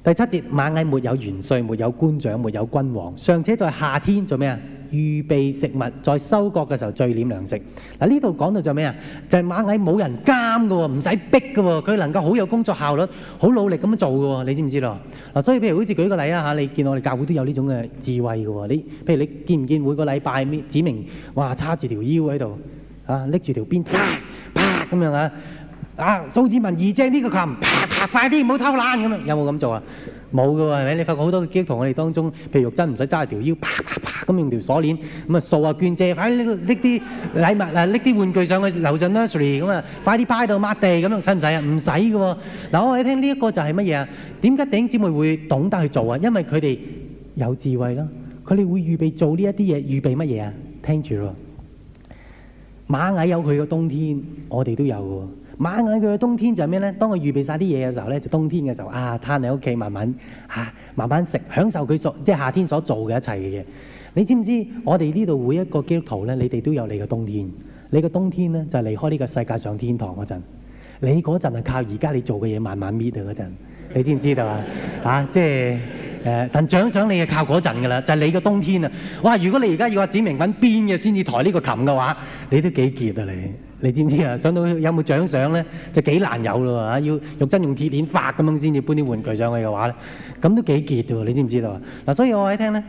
第七節，螞蟻沒有元帥，沒有官長，沒有君王。尚且在夏天做咩啊？預備食物，再收割嘅時候聚斂糧食。嗱呢度講到就咩啊？就係螞蟻冇人監嘅喎，唔使逼嘅喎，佢能夠好有工作效率，好努力咁樣做嘅喎。你知唔知咯？嗱，所以譬如好似舉個例啦嚇，你見我哋教會都有呢種嘅智慧嘅喎。你譬如你見唔見每個禮拜咩指明，哇叉住條腰喺度啊，拎住條鞭啪啪咁樣啊啊蘇子文二正呢個琴，啪啪快啲唔好偷懶咁樣，有冇咁做啊？冇噶喎，係咪？你發覺好多嘅基督徒喎，我哋當中，譬如玉珍唔使揸條腰，啪啪啪咁用條鎖鏈，咁啊掃啊娟姐，快啲，搦啲禮物啊，搦啲玩具上去樓上 nursery，咁啊快啲趴喺度抹地咁樣，使唔使啊？唔使噶喎。嗱，我哋聽呢一個就係乜嘢啊？點解頂姊妹會懂得去做啊？因為佢哋有智慧咯。佢哋會預備做呢一啲嘢，預備乜嘢啊？聽住咯。螞蟻有佢嘅冬天，我哋都有喎。螞蟻佢嘅冬天就係咩咧？當佢預備晒啲嘢嘅時候咧，就冬天嘅時候啊，攤喺屋企慢慢啊，慢慢食，享受佢所即係、就是、夏天所做嘅一切嘅嘢。你知唔知？我哋呢度每一個基督徒咧，你哋都有你嘅冬天。你嘅冬天咧就係、是、離開呢個世界上天堂嗰陣。你嗰陣係靠而家你做嘅嘢慢慢搣啊嗰陣。你知唔知道 啊？啊、就是，即係誒，神獎賞你係靠嗰陣噶啦，就係、是、你嘅冬天啊！哇，如果你而家要阿子明搵邊嘅先至抬呢個琴嘅話，你都幾杰啊你！你知唔知啊？想到有冇獎賞咧，就幾難有咯嚇。要用真用鐵鏈發咁樣先至搬啲玩具上去嘅話咧，咁都幾結嘅喎。你知唔知道啊？嗱，所以我喺聽咧，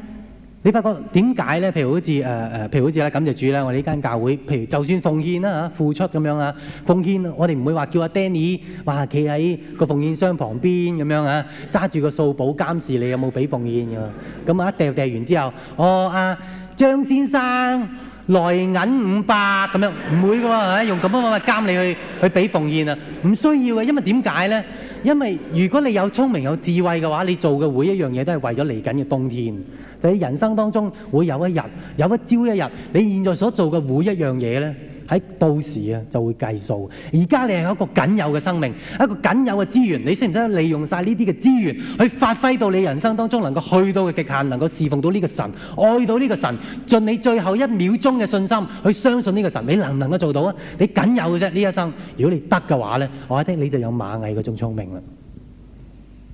你發覺點解咧？譬如好似誒誒，譬如好似啦，感謝主啦，我呢間教會，譬如就算奉獻啦嚇、付出咁樣啊，奉獻我哋唔會話叫阿 Danny 話，企喺個奉獻箱旁邊咁樣嚇，揸住個掃把監視你有冇俾奉獻嘅。咁啊，一掉掉完之後，哦，阿張先生。來銀五百，咁樣唔會嘅，用咁樣咁樣監你去俾奉獻，不，唔需要嘅。因為點解呢？因為如果你有聰明有智慧嘅話，你做嘅每一樣嘢都係為咗嚟緊嘅冬天。喺、就係、人生當中會有一日有一朝一日，你現在所做嘅每一樣嘢呢。喺到時啊就會計數。而家你係一個僅有嘅生命，一個僅有嘅資源。你識唔識利用晒呢啲嘅資源去發揮到你人生當中能夠去到嘅極限，能夠侍奉到呢個神，愛到呢個神，盡你最後一秒鐘嘅信心去相信呢個神。你能唔能夠做到啊？你僅有嘅啫，呢一生。如果你得嘅話呢，我一聽你就有螞蟻嗰種聰明啦。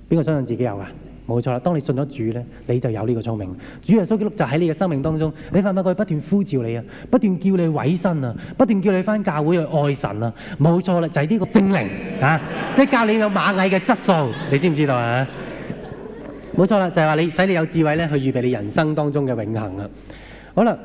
邊個相信自己有啊？冇錯啦，當你信咗主咧，你就有呢個聰明。主耶穌基督就喺你嘅生命當中，你發唔發覺佢不斷呼召你啊，不斷叫你委身啊，不斷叫你返教會去愛神啊。冇錯啦，就係呢個聖靈啊，即係教你有螞蟻嘅質素，你知唔知道啊？冇錯啦，就係話你使你有智慧咧，去預備你人生當中嘅永恆啊。好啦。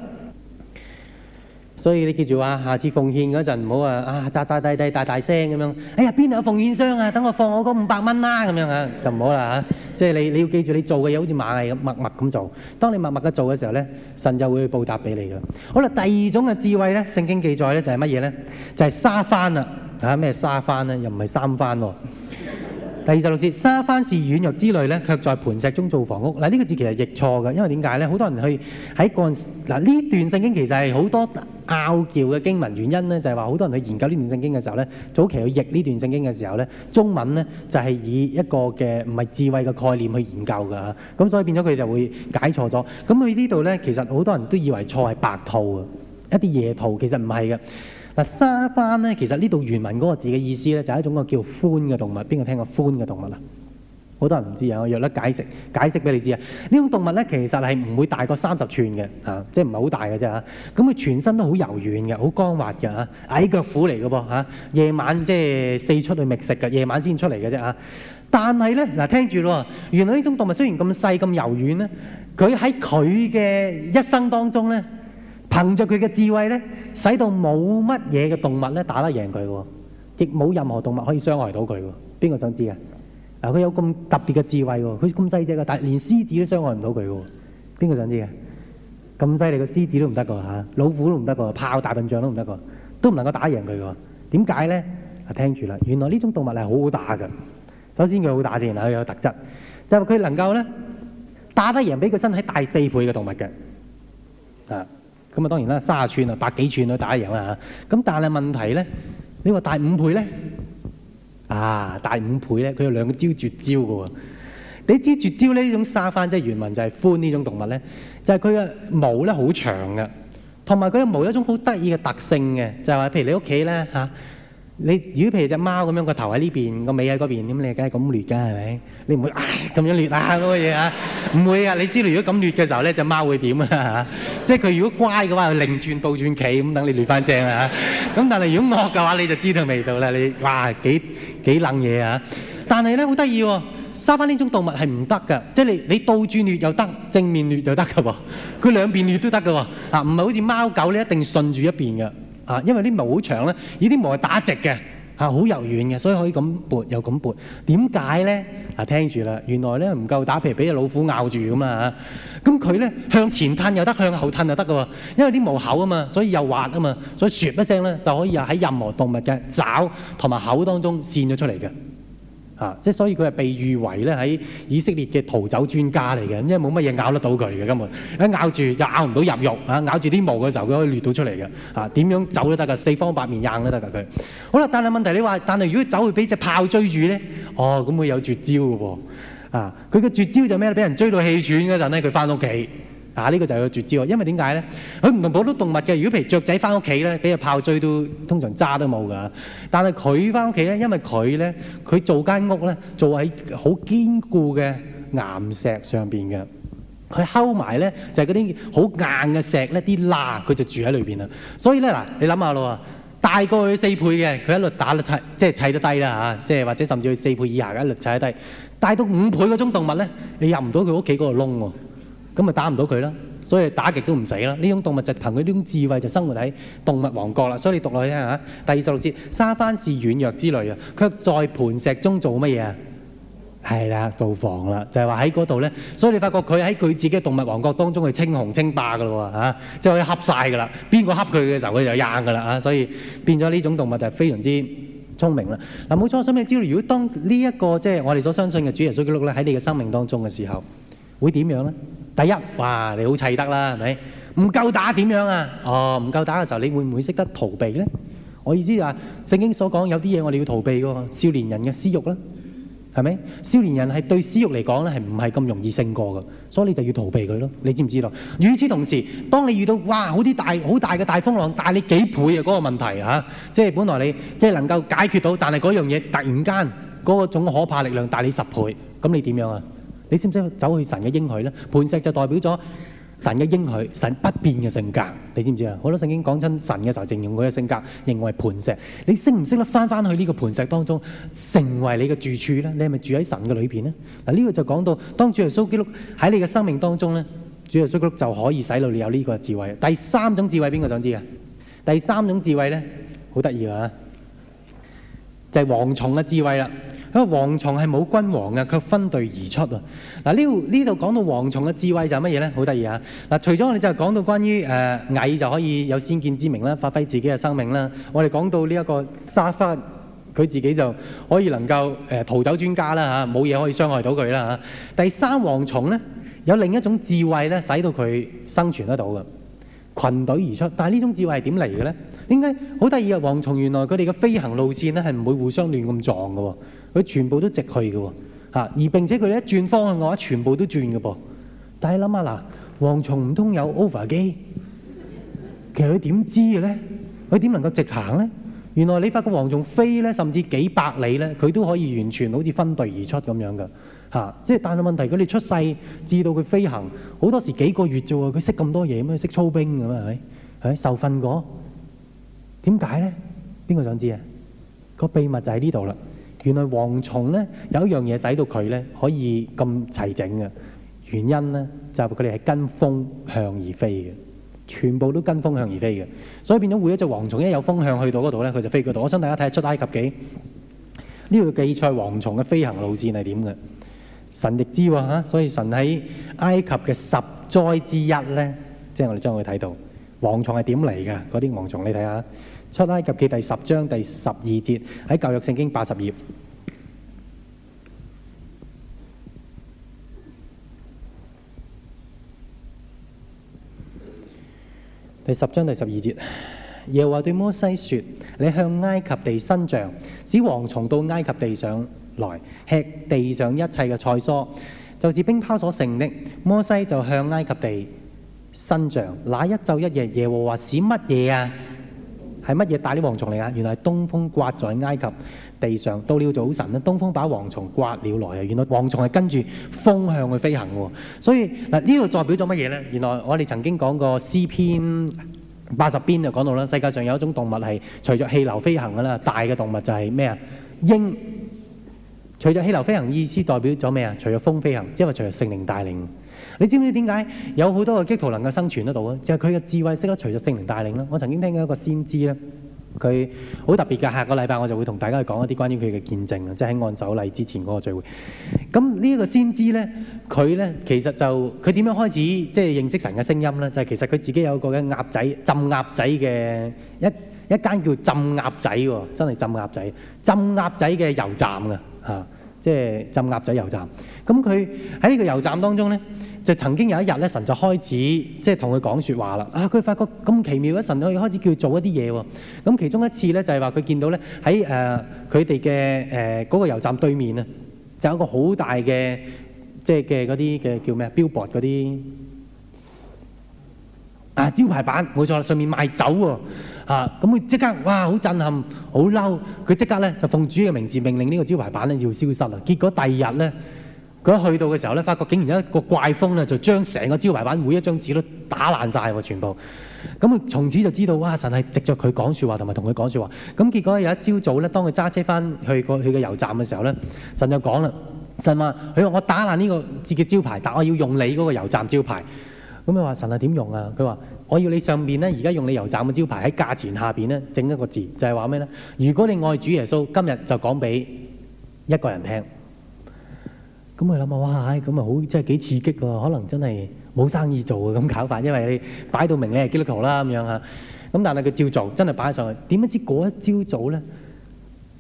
所以你記住話，下次奉獻嗰陣唔好啊啊，咋咋低低大大聲咁樣。哎呀，邊度有奉獻箱啊？等我放我嗰五百蚊啦咁樣了啊，就唔好啦嚇。即係你你要記住，你做嘅嘢好似螞蟻咁默默咁做。當你默默嘅做嘅時候咧，神就會報答俾你㗎。好啦，第二種嘅智慧咧，聖經記載咧就係乜嘢咧？就係、是、沙番啊。嚇，咩沙番咧？又唔係三番喎，啊。第二十六節，沙番是軟弱之類咧，卻在磐石中造房屋。嗱，呢個字其實譯錯嘅，因為點解呢？好多人去喺嗰嗱呢段聖經其實係好多拗撬嘅經文，原因呢，就係話好多人去研究呢段聖經嘅時候呢，早期去譯呢段聖經嘅時候呢，中文呢就係以一個嘅唔係智慧嘅概念去研究嘅嚇，咁所以變咗佢就會解錯咗。咁佢呢度呢，其實好多人都以為錯係白兔啊，一啲野兔其實唔係嘅。嗱，沙番咧，其實呢度原文嗰個字嘅意思咧，就係、是、一種個叫寬嘅動物。邊個聽過寬嘅動物啊？好多人唔知啊。我若得解釋，解釋俾你知啊。呢種動物咧，其實係唔會大過三十寸嘅，嚇、啊，即係唔係好大嘅啫嚇。咁、啊、佢全身都好柔軟嘅，好光滑嘅嚇、啊。矮腳虎嚟嘅噃嚇。夜、啊、晚即係四出去覓食嘅，夜晚先出嚟嘅啫嚇。但係咧，嗱、啊、聽住咯。原來呢種動物雖然咁細咁柔軟咧，佢喺佢嘅一生當中咧。憑着佢嘅智慧咧，使到冇乜嘢嘅動物咧打得贏佢喎，亦冇任何動物可以傷害到佢喎。邊個想知啊？啊，佢有咁特別嘅智慧喎，佢咁細隻嘅，但係連獅子都傷害唔到佢喎。邊個想知啊？咁犀利嘅獅子都唔得㗎吓，老虎都唔得㗎，豹、大笨象都唔得㗎，都唔能夠打贏佢嘅。點解咧？啊，聽住啦，原來呢種動物係好好打㗎。首先佢好打先，啊，佢有特質，就係佢能夠咧打得贏比佢身體大四倍嘅動物嘅，啊。咁啊，當然啦，三十寸啊，百幾寸都打贏啦嚇！咁但係問題咧，你話大五倍咧，啊大五倍咧，佢有兩個招絕招㗎喎。你知絕招呢種沙翻，即係原文就係寬，呢種動物咧，就係佢嘅毛咧好長嘅，同埋佢嘅毛有一種好得意嘅特性嘅，就係話譬如你屋企咧嚇。啊你如果譬如隻貓咁樣，個頭喺呢邊，個尾喺嗰邊，咁你梗係咁亂㗎係咪？你唔會唉咁樣亂啊嗰個嘢啊？唔會啊！你知道如果咁亂嘅時候咧，隻貓會點啊？即係佢如果乖嘅話，佢擰轉倒轉企咁等你亂翻正啊！咁但係如果惡嘅話，你就知道味道啦！你哇幾幾冷嘢啊！但係咧好得意喎，沙巴呢種動物係唔得㗎，即係你你倒轉亂又得，正面亂又得㗎喎，佢兩邊亂都得㗎喎，啊唔係好似貓狗咧一定順住一邊㗎。啊，因為啲毛好長咧，啲毛係打直嘅，嚇好柔軟嘅，所以可以咁撥又咁撥。點解呢？啊，聽住啦，原來不唔夠打皮，俾隻老虎咬住㗎嘛。咁佢向前褪又得，向後褪又得喎，因為啲毛厚啊嘛，所以又滑啊嘛，所以唰一聲就可以在喺任何動物嘅爪同埋口當中竄咗出嚟嘅。啊！即係所以佢係被譽為咧，喺以色列嘅逃走專家嚟嘅，因為冇乜嘢咬得到佢嘅根本。一咬住就咬唔到入肉啊！咬住啲毛嘅時候，佢可以掠到出嚟嘅。啊，點樣走都得噶，四方八面硬都得噶佢。好啦，但係問題你話，但係如果走去俾隻豹追住咧，哦，咁佢有絕招嘅喎、啊。啊，佢嘅絕招就係咩咧？俾人追到氣喘嗰陣咧，佢翻屋企。啊！呢、呢個就係個絕招喎，因為點解咧？佢唔同普通動物嘅，如果譬如雀仔翻屋企咧，俾隻炮追都通常渣都冇噶。但係佢翻屋企咧，因為佢咧，佢做間屋咧，做喺好堅固嘅岩石上邊嘅。佢敲埋咧就係嗰啲好硬嘅石咧，啲罅佢就住喺裏邊啦。所以咧嗱，你諗下咯，大過佢四倍嘅，佢一律打到砌，即係砌得低啦嚇，即係或者甚至佢四倍以下嘅一律砌得低。大到五倍嗰種動物咧，你入唔到佢屋企嗰個窿喎。咁咪打唔到佢咯，所以打極都唔死啦。呢種動物就憑佢呢種智慧就生活喺動物王國啦。所以你讀落去聽嚇，第二十六節沙番是軟弱之類嘅，卻在磐石中做乜嘢啊？係啦，造房啦，就係話喺嗰度咧。所以你發覺佢喺佢自己動物王國當中去稱雄稱霸噶咯喎嚇，即係可以恰曬噶啦。邊個恰佢嘅時候，佢就硬噶啦嚇。所以變咗呢種動物就係非常之聰明啦嗱。冇錯，想唔想知道，如果當呢一個即係我哋所相信嘅主耶穌基督咧喺你嘅生命當中嘅時候，會點樣咧？第一，哇，你好砌得啦，係咪？唔夠打點樣啊？哦，唔夠打嘅時候，你會唔會識得逃避呢？我意思就係，聖經所講有啲嘢我哋要逃避嘅喎，少年人嘅私慾啦，係咪？少年人係對私慾嚟講咧係唔係咁容易勝過嘅，所以你就要逃避佢咯。你知唔知道？與此同時，當你遇到哇好啲大好大嘅大風浪，大你幾倍呀嗰個問題嚇，即係本來你即係能夠解決到，但係嗰樣嘢突然間嗰種可怕力量大你十倍，咁你點樣啊？你知唔知走去神嘅應許咧？磐石就代表咗神嘅應許，神不變嘅性格，你知唔知啊？好多聖經講親神嘅時候，形容佢嘅性格，形容為磐石。你識唔識得翻翻去呢個磐石當中，成為你嘅住處咧？你係咪住喺神嘅裏邊咧？嗱，呢個就講到當主耶穌基督喺你嘅生命當中咧，主耶穌基督就可以使到你有呢個智慧。第三種智慧邊個想知啊？第三種智慧咧，好得意啊！就係蝗蟲嘅智慧啦，因為蝗蟲係冇君王嘅，佢分隊而出啊！嗱，呢度呢度，講到蝗蟲嘅智慧就係乜嘢呢？好得意啊！嗱，除咗我哋就係講到關於誒蟻就可以有先見之明啦，發揮自己嘅生命啦，我哋講到呢一個沙番，佢自己就可以能夠誒逃走專家啦嚇，冇嘢可以傷害到佢啦嚇。第三，蝗蟲呢，有另一種智慧呢，使到佢生存得到嘅。群隊而出，但係呢種智慧係點嚟嘅呢？點解好得意啊。蝗蟲原來佢哋嘅飛行路線呢係唔會互相亂咁撞嘅喎。佢全部都直去嘅喎，吓！而並且佢哋一轉方向嘅話，全部都轉嘅噃。但係諗下嗱，蝗蟲唔通有 over 機？其實佢點知嘅呢？佢點能夠直行呢？原來你發覺蝗蟲飛呢，甚至幾百里呢，佢都可以完全好似分隊而出咁樣嘅。嚇！即係但係問題，佢哋出世至到佢飛行，好多時幾個月啫喎，佢識咁多嘢咩？識操兵咁啊？係咪？係受訓過？點解咧？邊個想知啊？個秘密就喺呢度啦！原來蝗蟲咧有一樣嘢使到佢咧可以咁齊整嘅原因咧，就係佢哋係跟風向而飛嘅，全部都跟風向而飛嘅，所以變咗會一隻蝗蟲一有風向去到嗰度咧，佢就飛嗰度。我想大家睇下出埃及記呢個記載蝗蟲嘅飛行路線係點嘅。神亦知喎，所以神喺埃及嘅十災之一咧，即係我哋將會睇到蝗蟲係點嚟嘅？嗰啲蝗蟲你睇下，《出埃及記》第十章第十二節喺舊約聖經八十頁，第十章第十二節，耶和華對摩西説：你向埃及地伸杖，使蝗蟲到埃及地上。來吃地上一切嘅菜蔬，就似冰雹所成的。摩西就向埃及地伸掌。那一晝一夜，耶和華使乜嘢啊？係乜嘢帶啲蝗蟲嚟啊？原來東風刮在埃及地上，到了早晨咧，東風把蝗蟲刮了來啊！原來蝗蟲係跟住風向去飛行嘅。所以嗱，呢度代表咗乜嘢呢？原來我哋曾經講過詩篇八十篇就講到啦，世界上有一種動物係隨著氣流飛行噶啦，大嘅動物就係咩啊？鷹。，隨着氣流飛行，意思代表咗咩啊？隨着風飛行，即係話隨着聖靈帶領。你知唔知點解有好多嘅基督徒能夠生存得到咧？就係佢嘅智慧識得隨着聖靈帶領啦。我曾經聽過一個先知咧，佢好特別嘅。下個禮拜我就會同大家去講一啲關於佢嘅見證啦，即係喺按手禮之前嗰個聚會。咁呢一個先知咧，佢咧其實就佢點樣開始即係、就是、認識神嘅聲音咧？就係、是、其實佢自己有一個嘅鴨仔浸鴨仔嘅一一間叫浸鴨仔喎，真係浸鴨仔浸鴨仔嘅油站㗎嚇。即係浸鴨仔油站，咁佢喺呢個油站當中咧，就曾經有一日咧，神就開始即係同佢講説話啦。啊，佢發覺咁奇妙啊！神就可以開始叫佢做一啲嘢喎。咁其中一次咧，就係話佢見到咧喺誒佢哋嘅誒嗰個油站對面啊，就有一個好大嘅即係嘅嗰啲嘅叫咩啊標誌嗰啲啊招牌版。冇錯，上面賣酒喎、哦。嚇、啊！咁佢即刻哇，好震撼，好嬲！佢即刻咧就奉主嘅名字命令呢個招牌版咧要消失啦。結果第二日咧，佢一去到嘅時候咧，發覺竟然有一個怪風咧就將成個招牌版每一張紙都打爛晒喎，全部。咁啊，從此就知道哇，神係藉著佢講説話同埋同佢講説話。咁結果有一朝早咧，當佢揸車翻去個去嘅油站嘅時候咧，神就講啦，神話：佢話我打爛呢個自己招牌，但我要用你嗰個油站招牌。咁佢話：神係點用啊？佢話。我要你上面呢，而家用你油站嘅招牌喺價錢下邊呢，整一個字，就係話咩呢？如果你愛主耶穌，今日就講俾一個人聽。咁我諗下，哇，咁、哎、啊好，真係幾刺激㗎。可能真係冇生意做咁搞法，因為你擺到明你係基督徒啦咁樣啊。咁但係佢照做，真係擺上去。點不知嗰一朝早呢，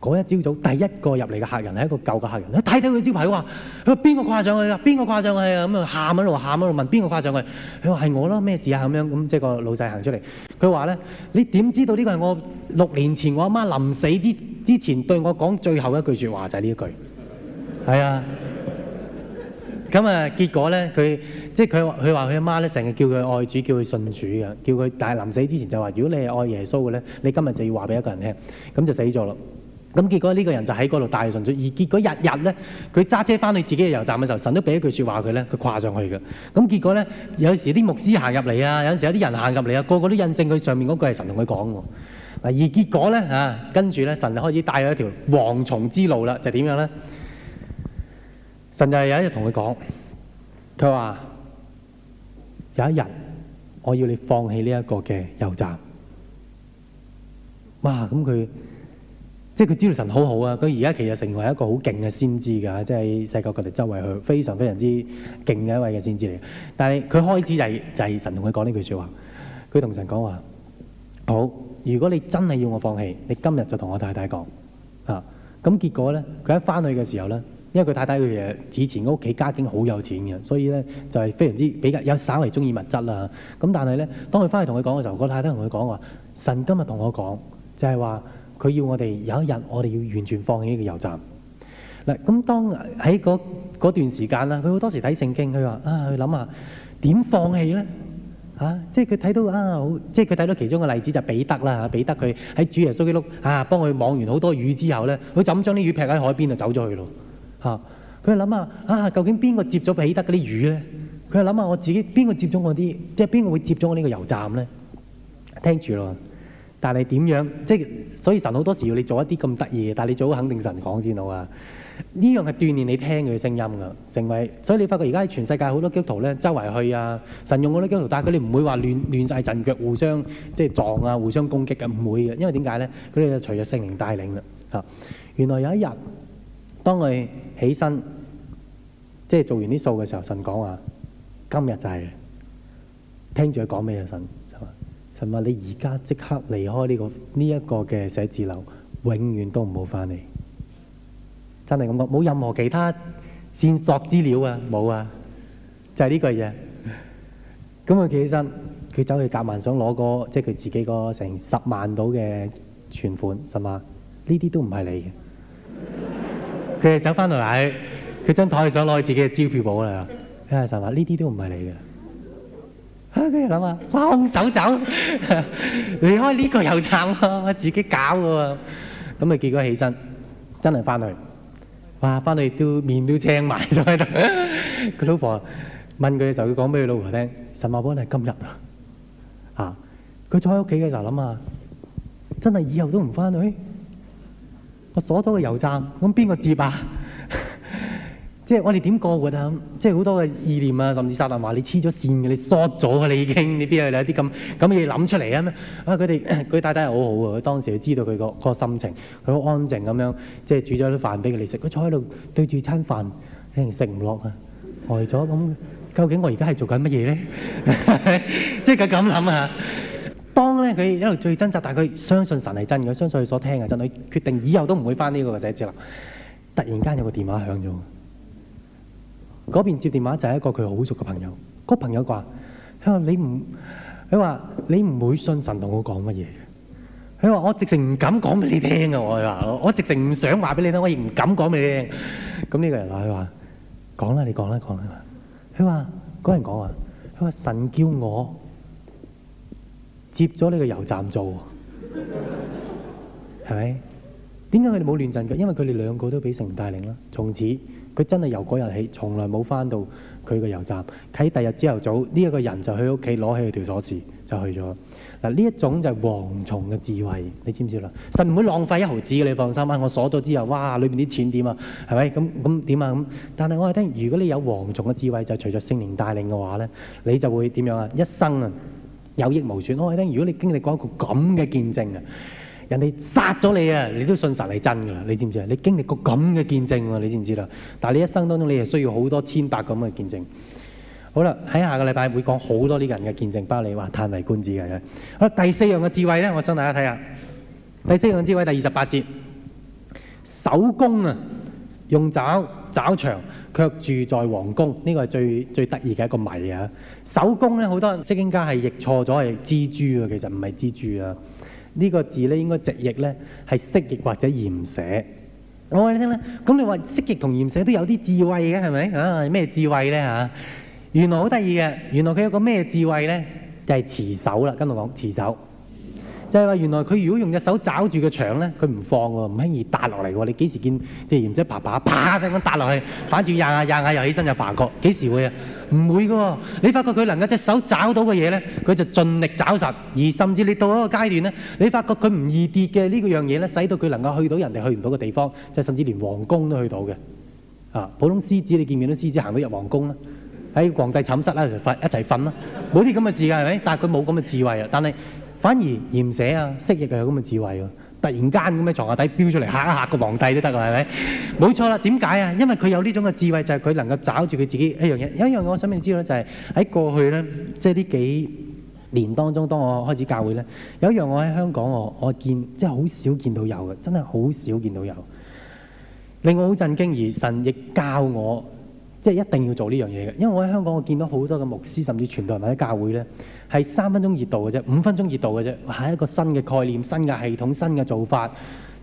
嗰一朝早第一個入嚟嘅客人係一個舊嘅客人，佢睇睇佢招牌，佢話：佢話邊個掛上去啊？邊個掛上去啊？咁啊喊喺度，喊喺度問邊個掛上去？「上去」，佢話係我啦，咩事啊？咁樣咁即係個老細行出嚟，佢話咧：你點知道呢個係我六年前我阿媽臨死之之前對我講最後一句説話就係、是、呢一句係啊。咁啊，結果咧佢，即係佢話佢話佢阿媽咧成日叫佢愛主叫佢信主嘅，叫佢，但係臨死之前就話：如果你係愛耶穌嘅咧，你今日就要話俾一個人聽，咁就死咗咯。咁結果呢個人就喺嗰度大順遂，而結果日日咧，佢揸車翻去自己嘅油站嘅時候，神都俾一句説話佢咧，佢跨上去嘅。咁結果咧，有時啲牧師行入嚟啊，有陣時有啲人行入嚟啊，個個都印證佢上面嗰句係神同佢講喎。嗱，而結果咧啊，跟住咧，神就開始帶佢一條蝗蟲之路啦。就點樣咧？神就係有一日同佢講，佢話有一日我要你放棄呢一個嘅油站。哇！咁佢。即係佢知道神好好啊！佢而家其實成為一個好勁嘅先知㗎，即係喺世界各地周圍去，非常非常之勁嘅一位嘅先知嚟。但係佢開始就係、是、就係、是、神同佢講呢句説話。佢同神講話：好，如果你真係要我放棄，你今日就同我太太講啊！咁結果呢，佢一翻去嘅時候呢，因為佢太太佢誒以前屋企家，家境好有錢嘅，所以呢就係、是、非常之比較有稍微中意物質啦、啊。咁但係呢，當佢翻去同佢講嘅時候，嗰太太同佢講話：神今日同我講，就係、是、話。佢要我哋有一日，我哋要完全放棄呢個油站。嗱，咁當喺嗰段時間啦，佢好多時睇聖經，佢話啊，佢諗下點放棄咧？嚇，即係佢睇到啊，即係佢睇到其中嘅例子就彼得啦、啊，彼得佢喺主耶穌基督啊，幫佢網完好多魚之後咧，佢就咁將啲魚劈喺海邊就走咗去咯。嚇，佢就諗下：「啊，想想啊究竟邊個接咗彼得嗰啲魚咧？佢就諗下：「我自己邊個接咗我啲，即係邊個會接咗我呢個油站咧？聽住咯。但係點樣？即係所以神好多時要你做一啲咁得意嘅，但係你做好肯定神講先好啊！呢樣係鍛鍊你聽佢聲音噶，成為。所以你發覺而家全世界好多基督徒咧，周圍去啊，神用好多基督徒，但係佢哋唔會話亂亂曬陣腳，互相即係撞啊，互相攻擊嘅，唔會嘅。因為點解咧？佢哋就隨著聖靈帶領啦。嚇！原來有一日，當佢起身，即係做完啲數嘅時候，神講話：今日就係聽住佢講咩啊，神。尋日你而家即刻離開呢個呢一個嘅寫字樓，永遠都唔好翻嚟。真係咁講，冇任何其他線索資料啊，冇啊，就係、是、呢句嘢。咁佢企起身，佢走去夾萬，想攞個即係佢自己個成十萬到嘅存款。神話，呢啲都唔係你嘅。佢 哋走翻嚟，佢張台想攞自己嘅支票簿啦。是這些都不是你，係神話，呢啲都唔係你嘅。啊！佢諗啊，放手走，離開呢個油站，我自己搞嘅喎。咁咪結果起身，真係翻去，哇！翻去都面都青埋咗喺度。佢老婆問佢嘅時候，佢講俾佢老婆聽：神馬波呢？今日啊，嚇！佢坐喺屋企嘅時候諗啊，真係以後都唔翻去。我鎖咗個油站，咁邊個接啊？即係我哋點過喎？咁即係好多嘅意念啊，甚至撒旦話你黐咗線嘅，你 short 咗嘅，你已經你邊有有啲咁咁嘢諗出嚟啊？咩啊？佢哋佢太太係好好嘅，佢當時佢知道佢個個心情，佢好安靜咁樣，即係煮咗啲飯俾佢哋食。佢坐喺度對住餐飯，食唔落啊，呆咗咁。究竟我而家係做緊乜嘢咧？即係佢咁諗啊！當咧佢一路最掙扎，但係佢相信神係真嘅，相信佢所聽嘅，真係佢決定以後都唔會翻呢個寫字啦。突然間有個電話響咗。嗰邊接電話就係一個佢好熟嘅朋友，個朋友話，佢話你唔，佢話你唔會信神同我講乜嘢嘅，佢話我直情唔敢講俾你聽啊！我話我直情唔想話俾你聽，我亦唔敢講俾你聽。咁呢個人話：佢話講啦，你講啦，講啦。佢話嗰人講啊，佢話神叫我接咗呢個油站做，係咪？點解佢哋冇亂陣嘅？因為佢哋兩個都俾神帶領啦。從此。佢真係由嗰日起，從來冇翻到佢個油站。喺第二日朝頭早上，呢、這、一個人就去屋企攞起佢條鎖匙，就去咗。嗱呢一種就係蝗蟲嘅智慧，你知唔知啦？實唔會浪費一毫子，你放心啊！我鎖咗之後，哇！裏面啲錢點啊？係咪？咁咁點啊？咁但係我係聽，如果你有蝗蟲嘅智慧，就隨着聖靈帶領嘅話呢，你就會點樣啊？一生啊，有益無損。我係聽，如果你經歷過一個咁嘅見證啊！人哋殺咗你啊，你都信神係真嘅啦，你知唔知啊？你經歷過咁嘅見證喎，你知唔知啦？但係你一生當中，你係需要好多千百咁嘅見證。好啦，喺下個禮拜會講好多呢個人嘅見證，包你話歎為觀止嘅。好，第四樣嘅智慧呢，我想大家睇下。第四樣智慧第二十八節，守宮啊，用爪抓牆，卻住在王宮。呢、呢個係最最得意嘅一個謎啊！守宮呢，好多釋經家係譯錯咗，係蜘，蜘蛛啊，其實唔係蜘蛛啊。呢、這個字咧應該直譯咧係蜥蜴或者鹽蛇。我話你聽啦，咁你話蜥蜴同鹽蛇都有啲智慧嘅係咪？啊，咩智慧咧嚇、啊？原來好得意嘅，原來佢有個咩智慧咧？就係、是、持守啦。跟住講持守。即係話，原來佢如果用隻手抓住個牆咧，佢唔放喎，唔輕易跌落嚟喎。你幾時見啲賢仔爬爬，啪聲咁跌落去，反轉呀呀呀呀又起身又爬過？幾時會啊？唔會嘅喎、哦。你發覺佢能夠隻手抓到嘅嘢咧，佢就盡力抓實，而甚至你到一個階段咧，你發覺佢唔易跌嘅呢個樣嘢咧，使到佢能夠去到人哋去唔到嘅地方，即係甚至連王宮都去到嘅。啊，普通獅子你見唔見到獅子行到入王宮啦？喺皇帝寢室啦，就瞓一齊瞓啦，冇啲咁嘅事㗎，係咪？但係佢冇咁嘅智慧啊，但係。反而研寫啊，蜥蜴又有咁嘅智慧喎、啊！突然間咁喺床下底飆出嚟嚇一嚇個皇帝都得、啊，係咪？冇錯啦。點解啊？因為佢有呢種嘅智慧，就係、是、佢能夠找住佢自己一樣嘢。有一樣嘢，我想畀你知道就係喺過去咧，即係呢幾年當中，當我開始教會咧，有一樣我喺香港我我見即係好少見到有嘅，真係好少見到有，令我好震驚。而神亦教我。即係一定要做呢樣嘢嘅，因為我喺香港，我見到好多嘅牧師，甚至傳道人或者教會咧，係三分鐘熱度嘅啫，五分鐘熱度嘅啫，係一個新嘅概念、新嘅系統，新嘅做法、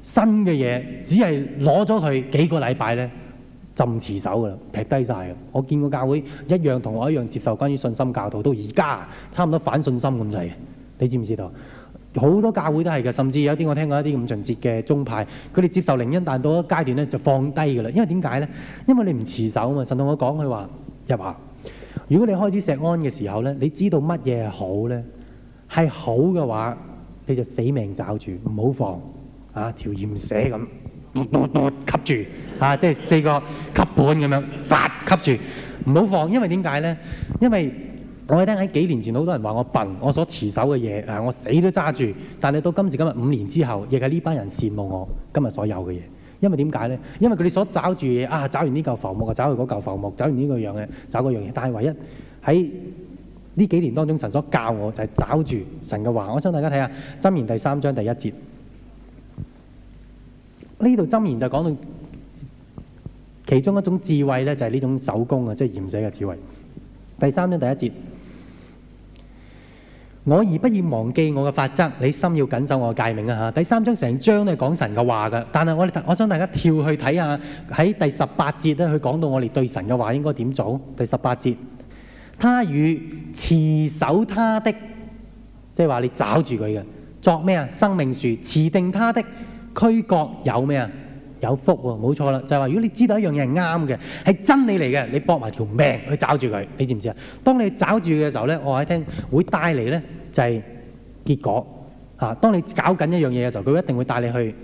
新嘅嘢，只係攞咗佢幾個禮拜咧，就唔持守噶啦，撇低晒嘅。我見過教會一樣同我一樣接受關於信心教導，到而家差唔多反信心咁滯，你知唔知道？好多教會都係嘅，甚至有啲我聽過一啲五旬節嘅宗派，佢哋接受靈恩，但到一階段咧就放低嘅啦。因為點解咧？因為你唔持守啊嘛。神同我講佢話入話、啊，如果你開始石安嘅時候咧，你知道乜嘢係好咧？係好嘅話，你就死命罩住，唔好放啊！條鹽蛇咁、呃呃呃，吸住啊！即、就、係、是、四個吸盤咁樣、呃，吸住，唔好放。因為點解咧？因為我哋聽喺幾年前，好多人話我笨，我所持守嘅嘢，誒，我死都揸住。但係你到今時今日五年之後，亦係呢班人羨慕我今日所有嘅嘢。因為點解呢？因為佢哋所找住嘢啊，抓完呢嚿浮木，抓完嗰嚿浮木，找完呢個樣嘅，找嗰樣嘢。但係唯一喺呢幾年當中，神所教我就係找住神嘅話。我想大家睇下《箴言》第三章第一節，呢度《箴言》就講到其中一種智慧呢，就係呢種手工啊，即係鹽寫嘅智慧。第三章第一節。我兒，不要忘記我嘅法則，你心要謹守我嘅誡命啊！嚇，第三章成章都係講神嘅話嘅，但係我想大家跳去睇下喺第十八節呢，佢講到我哋對神嘅話應該點做？第十八節，他與持守他的，即係話你抓住佢嘅，作咩啊？生命樹持定他的俱各有咩啊？有福喎，冇錯啦，就係話如果你知道一樣嘢係啱嘅，係真理嚟嘅，你搏埋條命去找住佢，你知唔知啊？當你找住嘅時候咧，我喺聽會帶嚟咧就係結果啊！當你搞緊一樣嘢嘅時候，佢一定會帶你去，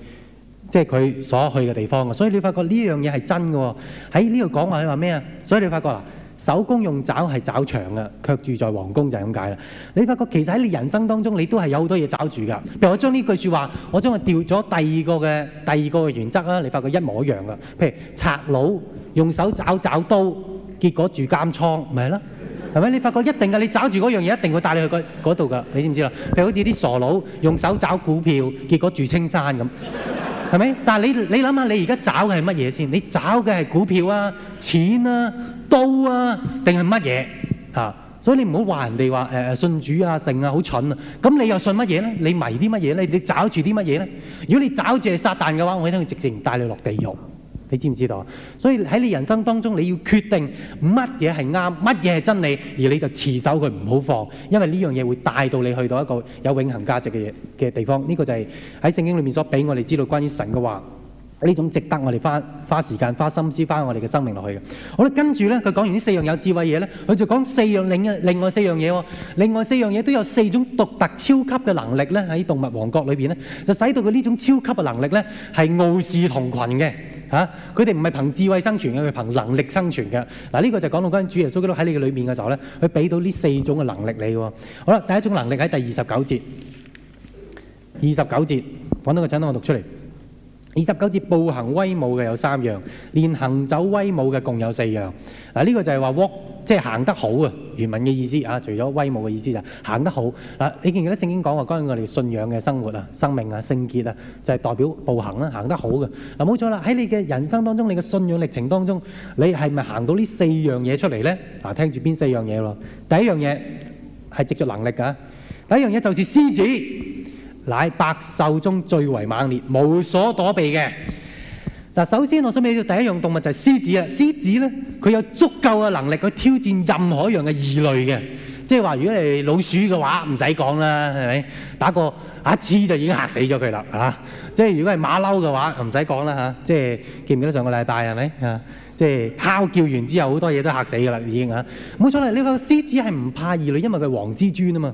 即係佢所去嘅地方嘅，所以你發覺呢樣嘢係真嘅喎。喺呢度講話你話咩啊？所以你發覺啦。守宮用爪係爪牆嘅，卻住在皇宮就係咁解啦。你發覺其實喺你人生當中，你都係有好多嘢找住㗎。譬如我將呢句説話，我將佢掉咗第二個嘅第二個嘅原則啊，你發覺一模一樣噶。譬如賊佬用手爪找刀，結果住監倉，咪係咯，係咪？你發覺一定㗎，你找住嗰樣嘢一定會帶你去嗰度㗎。你知唔知啦？譬如好似啲傻佬用手爪股票，結果住青山咁，係咪？但係你你諗下，你而家找嘅係乜嘢先？你找嘅係股票啊，錢啊。刀啊，定係乜嘢啊？所以你唔好話人哋話，誒、誒信主啊、神啊好蠢啊。咁你又信乜嘢呢？你迷啲乜嘢呢？你找住啲乜嘢呢？如果你找住係撒旦嘅話，我一定會直接帶你落地獄。你知唔知道啊？所以喺你人生當中，你要決定乜嘢係啱，乜嘢係真理，而你就持守佢唔好放，因為呢樣嘢會帶到你去到一個有永恆價值嘅嘢嘅地方。呢個就係喺聖經裏面所俾我哋知道關於神嘅話。呢種值得我哋花花時間、花心思、花我哋嘅生命落去嘅。好啦，跟住呢，佢講完呢四樣有智慧嘢呢，佢就講四樣另另外四樣嘢喎。另外四樣嘢、哦、都有四種獨特超級嘅能力呢，喺動物王國裏面呢，就使到佢呢種超級嘅能力呢，係傲視同群嘅嚇。佢哋唔係憑智慧生存嘅，佢憑能力生存嘅。嗱呢、啊呢個就講到關於主耶穌基督喺你裏面嘅時候呢，佢俾到呢四種嘅能力你喎、哦。好啦，第一種能力喺第二十九節。二十九節，講到個搶單我讀出嚟。二十九節，步行威武嘅有三樣，連行走威武嘅共有四樣。嗱、啊、呢、這個就係話，walk，即係行得好啊，原文嘅意思啊，除咗威武嘅意思就行得好。嗱、啊，你記唔記得聖經講話，關於我哋信仰嘅生活啊、生命啊、聖潔啊，就係、是、代表步行啦，行得好嘅。嗱、啊、冇錯啦，喺你嘅人生當中，你嘅信仰歷程當中，你係咪行到呢四樣嘢出嚟呢？嗱、啊，聽住邊四樣嘢咯。第一樣嘢係藉著能力噶、啊，第一樣嘢就係獅子。乃百獸中最為猛烈、無所躲避嘅。嗱，首先我想俾你做第一樣動物就係、是、獅子啊！獅子咧，佢有足夠嘅能力去挑戰任何一樣嘅異類嘅。即係話，如果係老鼠嘅話，唔使講啦，係咪？打個一黐就已經嚇死咗佢啦嚇。即、啊、係、就是、如果係馬騮嘅話，唔使講啦嚇。即、啊、係、就是、記唔記得上個禮拜係咪啊？即、就、係、是、嚎叫完之後，好多嘢都嚇死㗎啦已經嚇。冇、啊、錯啦，呢個獅子係唔怕異類，因為佢係王之尊啊嘛。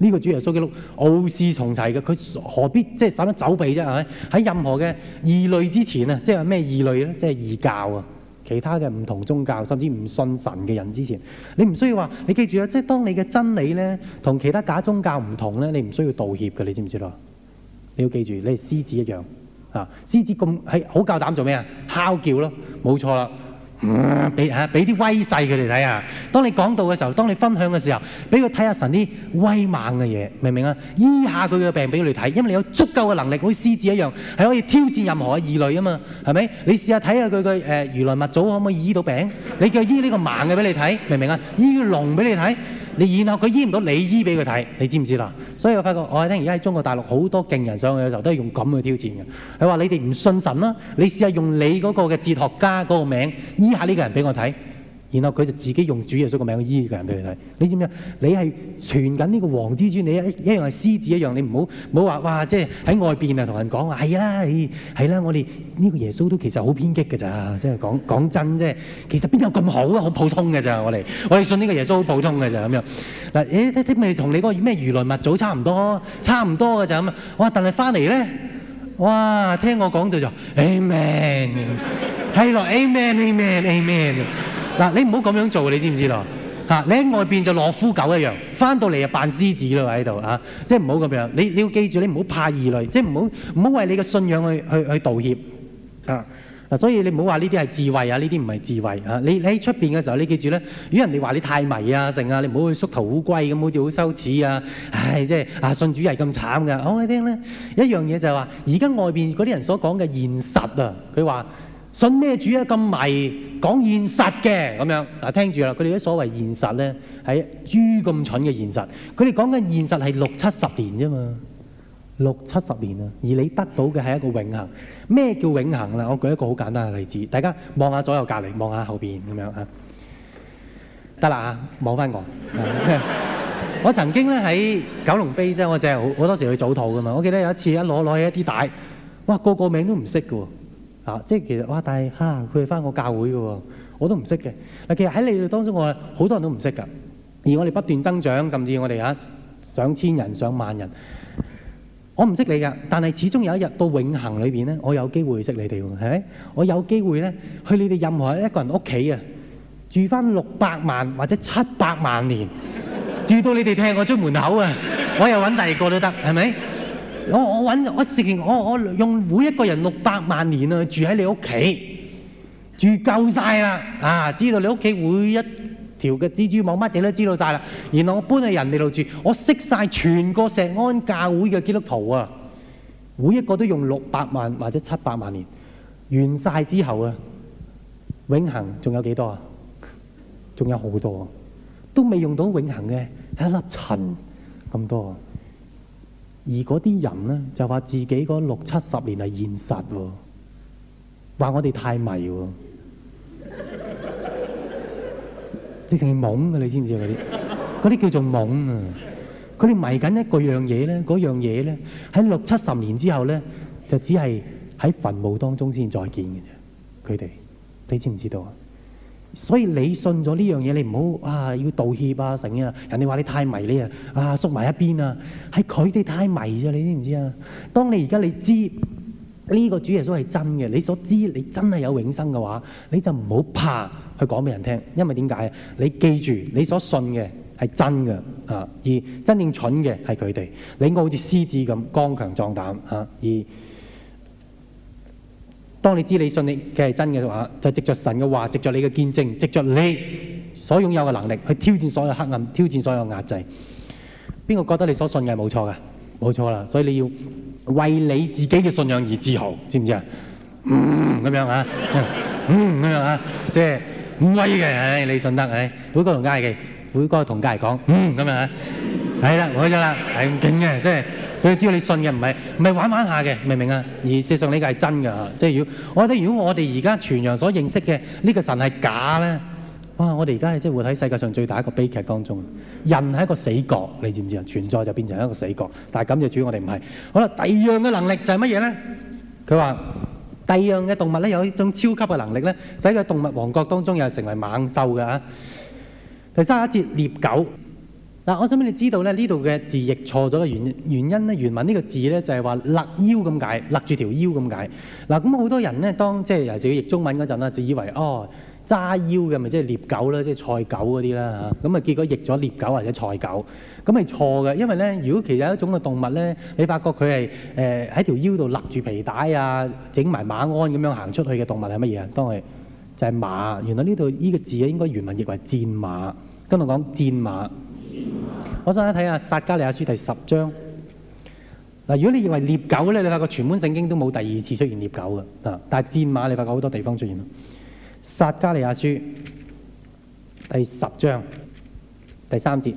呢、這個主耶穌基督傲視從齊嘅，佢何必即係使乜走避啫？係咪喺任何嘅異類之前啊？即係咩異類呢？即係異教啊，其他嘅唔同宗教，甚至唔信神嘅人之前，你唔需要話。你記住啊，即係當你嘅真理呢，同其他假宗教唔同呢，你唔需要道歉嘅，你知唔知道？你要記住，你係獅子一樣啊！獅子咁係好夠膽做咩啊？哮叫咯，冇錯啦。嗯，俾啊俾啲威勢佢哋睇啊！當你講到嘅時候，當你分享嘅時候，俾佢睇下神啲威猛嘅嘢，明唔明啊？醫下佢嘅病俾佢哋睇，因為你有足夠嘅能力，好似獅子一樣，係可以挑戰任何嘅異類啊嘛，係咪？你試下睇下佢嘅誒魚類物種可唔可以醫到病？ 你叫佢醫呢個猛嘅俾你睇，明唔明啊？醫個龍俾你睇。你然後佢醫唔到，你醫俾佢睇，你知唔知啦？所以我發覺，我聽聽而家喺中國大陸好多勁人上去嘅時候，都係用咁嘅挑戰嘅。佢話你哋唔信神啦、啊，你試下用你嗰個嘅哲學家嗰個名醫下呢個人俾我睇。然後佢就自己用主耶穌個名醫嘅人俾佢睇。你知唔知啊？你係傳緊呢個王之尊，你一一樣係獅子一樣，你唔好唔好話哇！即係喺外邊啊，同人講話係啦，係啦，我哋呢個耶穌都其實好偏激嘅咋。即係講講真，即係其實邊有咁好啊？好普通嘅咋我哋，我哋信呢個耶穌好普通嘅咋咁樣嗱。咦？啲咪同你嗰個咩如來物祖差唔多，差唔多嘅咋咁啊！哇！但係翻嚟咧，哇！聽我講就就 Amen，係咯 Amen，Amen，Amen。嗱，你唔好咁樣做，你知唔知道？嚇， 你喺外邊就落夫狗一樣，翻到嚟就扮獅子咯喺度啊！即係唔好咁樣，你你要記住，你唔好怕異類，即係唔好唔好為你嘅信仰去去去道歉啊！嗱，所以你唔好話呢啲係智慧啊，呢啲唔係智慧啊！你你喺出邊嘅時候，你記住咧，如果人哋話你太迷啊，剩啊，你唔好去縮頭烏龜咁，好似好羞恥啊！唉，即係啊，信主係咁慘嘅。我聽咧一樣嘢就係話，而家外邊嗰啲人所講嘅現實啊，佢話。信咩主啊？咁迷講現實嘅，咁樣嗱，聽住啦。佢哋啲所謂現實咧，係豬咁蠢嘅現實。佢哋講緊現實係六七十年啫嘛，六七十年啊。而你得到嘅係一個永恆，咩叫永恆啦？我舉一個好簡單嘅例子，大家望下左右隔離，望下後面，咁樣得啦，望翻我。 我曾經咧喺九龍碑啫，我成日好多時去早禱噶嘛。我記得有一次一攞攞起一啲帶，哇個個名都唔識嘅喎。啊！即係其實哇，但係嚇佢翻我教會嘅喎，我都唔識嘅。嗱，其實喺你哋當中，我好多人都唔識㗎。而我哋不斷增長，甚至我哋啊上千人、上萬人，我唔識你㗎。但係始終有一日到永恆裏邊咧，我有機會識你哋喎，係咪？我有機會咧，去你哋任何一個人屋企啊，住翻六百萬或者七百萬年，住到你哋踢我出門口啊，我又揾第二個都得，係咪？我我揾我之前我我用每一個人六百萬年啊，住喺你屋企住夠晒啦啊！知道你屋企每一條嘅蜘蛛網乜嘢都知道晒啦。然後我搬去人哋度住，我識晒全個石安教會嘅基督徒啊，每一個都用六百萬或者七百萬年完晒之後啊，永恆仲有幾多啊？仲有好多啊，都未用到永恆嘅，係一粒塵咁多。而嗰啲人咧就話自己嗰六七十年係現實喎，話我哋太迷喎， 直情係懵嘅，你知唔知啊？嗰啲嗰啲叫做懵啊！佢哋迷緊一個樣嘢咧，嗰樣嘢咧喺六七十年之後咧，就只係喺墳墓當中先再見嘅啫。佢哋，你知唔知道啊？所以你信咗呢樣嘢，你唔好啊要道歉啊成啊，人哋話你太迷，你啊啊縮埋一邊啊，係佢哋太迷咋，你知唔知啊？當你而家你知呢個主耶穌係真嘅，你所知你真係有永生嘅話，你就唔好怕去講俾人聽，因為點解啊？你記住你所信嘅係真嘅啊，而真正蠢嘅係佢哋，你應該好似獅子咁剛強壯膽啊而。當你知你信嘅嘅係真嘅話，就係、藉着神嘅話，藉着你嘅見證，藉着你所擁有嘅能力去挑戰所有黑暗，挑戰所有壓制。邊個覺得你所信嘅係冇錯㗎？冇錯啦，所以你要為你自己嘅信仰而自豪，知唔知啊？嗯，咁樣啊，嗯，咁樣啊，即係唔威嘅，你信得唉，每個同街嘅，每個同街人講，嗯，咁樣啊。係啦，開咗啦，係咁勁嘅，即係佢知道你信嘅，唔係唔係玩玩下嘅，明唔明啊？而事實上呢個係真㗎吓，即係如果我覺得如果我哋而家全人所認識嘅呢個神係假咧，哇！我哋而家係即係活喺世界上最大一個悲劇當中，人係一個死角，你知唔知啊？存在就變成一個死角，但係咁就主要我哋唔係。好啦，第二樣嘅能力就係乜嘢咧？佢話第二樣嘅動物咧有一種超級嘅能力咧，使佢喺動物王國當中又成為猛獸㗎吓。第三一節獵狗。嗱、啊，我想俾你知道咧，呢度嘅字譯錯咗嘅原原因咧，原文呢個字咧就係、是、話勒腰咁解，勒住條腰咁解。嗱、啊，咁好多人咧，當即係尤其是譯中文嗰陣啦，就以為哦揸腰嘅咪即係獵狗啦，即係賽狗嗰啲啦嚇。咁啊，結果譯咗獵狗或者賽狗，咁係錯嘅，因為咧，如果其實有一種嘅動物咧，你發覺佢係誒喺條腰度勒住皮帶啊，整埋馬鞍咁樣行出去嘅動物係乜嘢啊？當係就係馬。原來呢度呢個字咧應該原文譯為戰馬。跟我講戰馬。我想睇下《撒加利亞書》第十章。嗱，如果你認為獵狗呢，你發覺全本聖經都冇第二次出現獵狗嘅。但係戰馬，你發覺好多地方出現咯，《撒加利亞書》第十章第三節。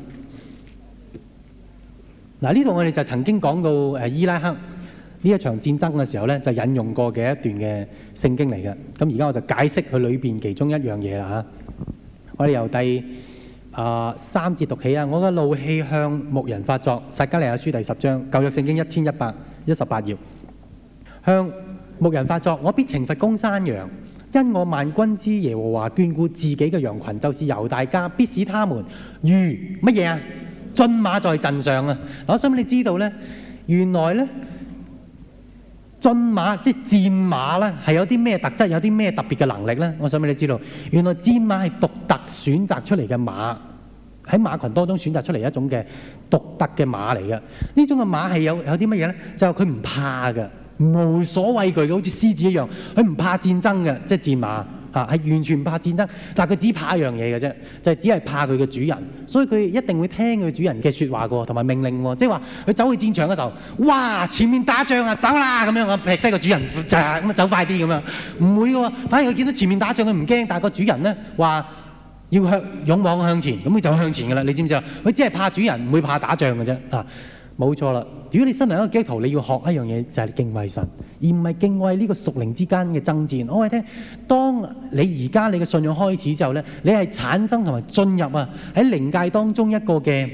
嗱，呢度我哋就曾經講到誒，伊拉克呢一場戰爭嘅時候呢，就引用過嘅一段嘅聖經嚟嘅。咁而家我就解釋佢裏邊其中一樣嘢啦。吓，我哋由第。啊、呃！三節讀起啊！我嘅怒氣向牧人發作，《撒迦利亞書》第十章，舊約聖經一千一百一十八頁。向牧人發作，我必懲罰公山羊，因我萬軍之耶和華眷顧自己嘅羊群，就是猶大家，必使他們如乜嘢啊？駿馬在陣上啊！我想你知道呢，原來呢。駿馬即係戰馬咧，係有啲咩特質？有啲咩特別嘅能力咧？我想俾你知道，原來戰馬係獨特選擇出嚟嘅馬，喺馬群當中選擇出嚟一種嘅獨特嘅馬嚟嘅。這種呢種嘅馬係有有啲乜嘢咧？就係佢唔怕嘅，無所畏懼嘅，好似獅子一樣，佢唔怕戰爭嘅，即係戰馬。嚇係完全唔怕戰爭，但係佢只怕一樣嘢嘅啫，就係只係怕佢嘅主人，所以佢一定會聽佢主人嘅説話喎，同埋命令喎，即係話佢走去戰場嘅時候，哇前面打仗啊，走啦咁樣咁，劈低個主人，就咁啊走快啲咁樣，唔會嘅喎，反而佢見到前面打仗佢唔驚，但係個主人咧話要向勇往向前，咁佢就向前噶啦，你知唔知啊？佢只係怕主人，唔會怕打仗嘅啫，啊！冇錯啦！如果你身為一個基督徒，你要學一樣嘢就係、是、敬畏神，而唔係敬畏呢個屬靈之間嘅爭戰。我哋聽，當你而家你嘅信仰開始之後呢，你係產生同埋進入啊喺靈界當中一個嘅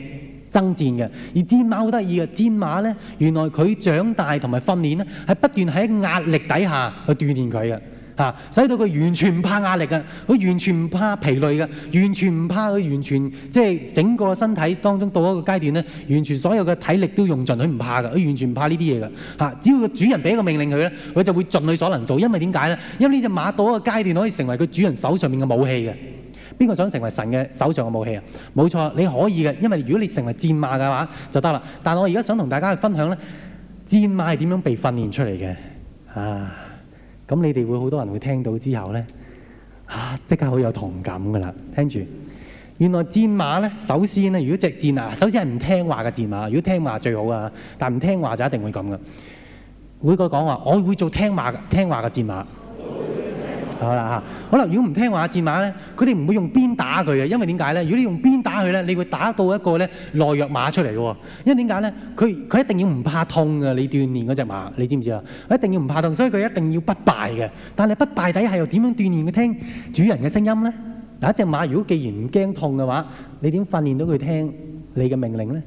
爭戰嘅。而戰馬好得意嘅，戰馬呢，原來佢長大同埋訓練是係不斷喺壓力底下去鍛鍊佢嘅。嚇、啊！使到佢完全唔怕壓力嘅，佢完全唔怕疲累嘅，完全唔怕佢完全即係、就是、整個身體當中到一個階段咧，完全所有嘅體力都用盡，佢唔怕嘅，佢完全唔怕呢啲嘢嘅。嚇、啊！只要個主人俾一個命令佢咧，佢就會盡佢所能做，因為點解咧？因為呢隻馬到一個階段可以成為佢主人手上面嘅武器嘅。邊個想成為神嘅手上嘅武器啊？冇錯，你可以嘅，因為如果你成為戰馬嘅話就得啦。但我而家想同大家去分享咧，戰馬係點樣被訓練出嚟嘅？啊！咁你哋會好多人會聽到之後呢，啊，即刻好有同感㗎喇！聽住，原來戰馬呢，首先呢，如果隻戰啊，首先係唔聽話嘅戰馬，如果聽話最好呀，但係唔聽話就一定會咁嘅。每個講話，我會做聽話嘅聽話嘅戰馬。好啦，吓好啦，如果唔聽話嘅戰馬咧，佢哋唔會用鞭打佢嘅，因為點解咧？如果你用鞭打佢咧，你會打到一個咧懦弱馬出嚟嘅喎。因為點解咧？佢佢一定要唔怕痛嘅，你鍛鍊嗰隻馬，你知唔知啊？一定要唔怕痛，所以佢一定要不敗嘅。但係不敗底係又點樣鍛鍊佢聽主人嘅聲音咧？嗱，一隻馬如果既然唔驚痛嘅話，你點訓練到佢聽你嘅命令咧？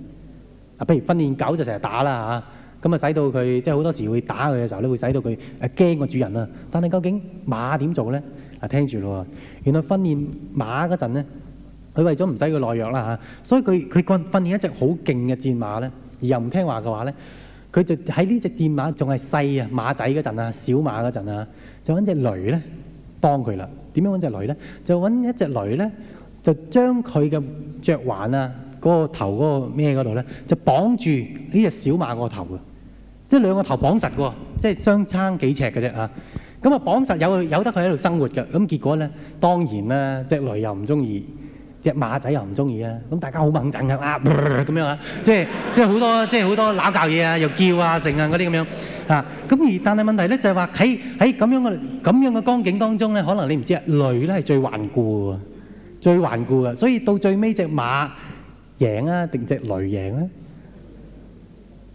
嗱、啊，譬如訓練狗就成日打啦吓就使到佢即係好多時會打佢嘅時候咧，會使到佢誒驚個主人啊。但係究竟馬點做呢？啊，聽住咯喎。原來訓練馬嗰陣咧，佢為咗唔使佢懦弱啦，所以佢訓訓練一隻好勁嘅戰馬呢，而又唔聽話嘅話呢，佢就喺呢隻戰馬仲係細啊馬仔嗰陣啊，小馬嗰陣啊，就揾隻驢呢幫佢啦。點樣揾隻驢呢？就揾一隻驢呢，就將佢嘅著環啊，嗰個頭嗰個咩嗰度呢，就綁住呢隻小馬個頭。即係兩個頭綁實喎，即係相差幾尺嘅啫嚇。咁啊綁實有有得佢喺度生活㗎。咁結果咧，當然啦，隻驢又唔中意，隻馬仔又唔中意啊。咁大家好猛陣嘅啊，咁樣啊，即係即係好多即係好多攪教嘢啊，又叫啊成啊嗰啲咁樣嚇。咁而但係問題咧就係話喺喺咁樣嘅咁樣嘅光景當中咧，可能你唔知啊，驢咧係最頑固喎，最頑固啊。所以到最尾隻馬贏啊定隻驢贏咧？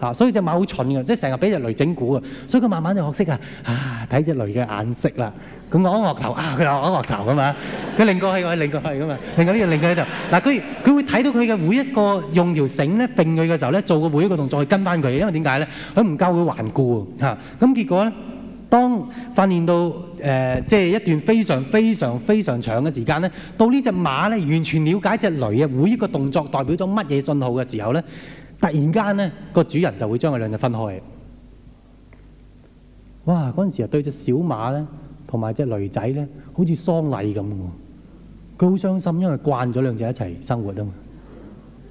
啊！所以隻馬好蠢㗎，即係成日俾隻驢整蠱啊！所以佢慢慢就學識啊！啊，睇隻驢嘅眼色啦！咁擰個頭啊，佢又擰個頭㗎嘛！佢擰過去我佢擰過去㗎嘛！擰過去又擰佢喺度。嗱，佢佢會睇到佢嘅每一個用條繩咧揈佢嘅時候咧，做個每一個動作去跟翻佢。因為點解咧？佢唔夠會頑固啊！咁結果咧，當訓練到誒即係一段非常非常非常長嘅時間咧，到隻呢隻馬咧完全了解隻驢啊每一個動作代表咗乜嘢信號嘅時候咧。突然間咧，那個主人就會將佢兩隻分開。哇！嗰陣時啊，對隻小馬咧，同埋隻驢仔咧，好似喪禮咁喎。佢好傷心，因為慣咗兩隻一齊生活啊嘛。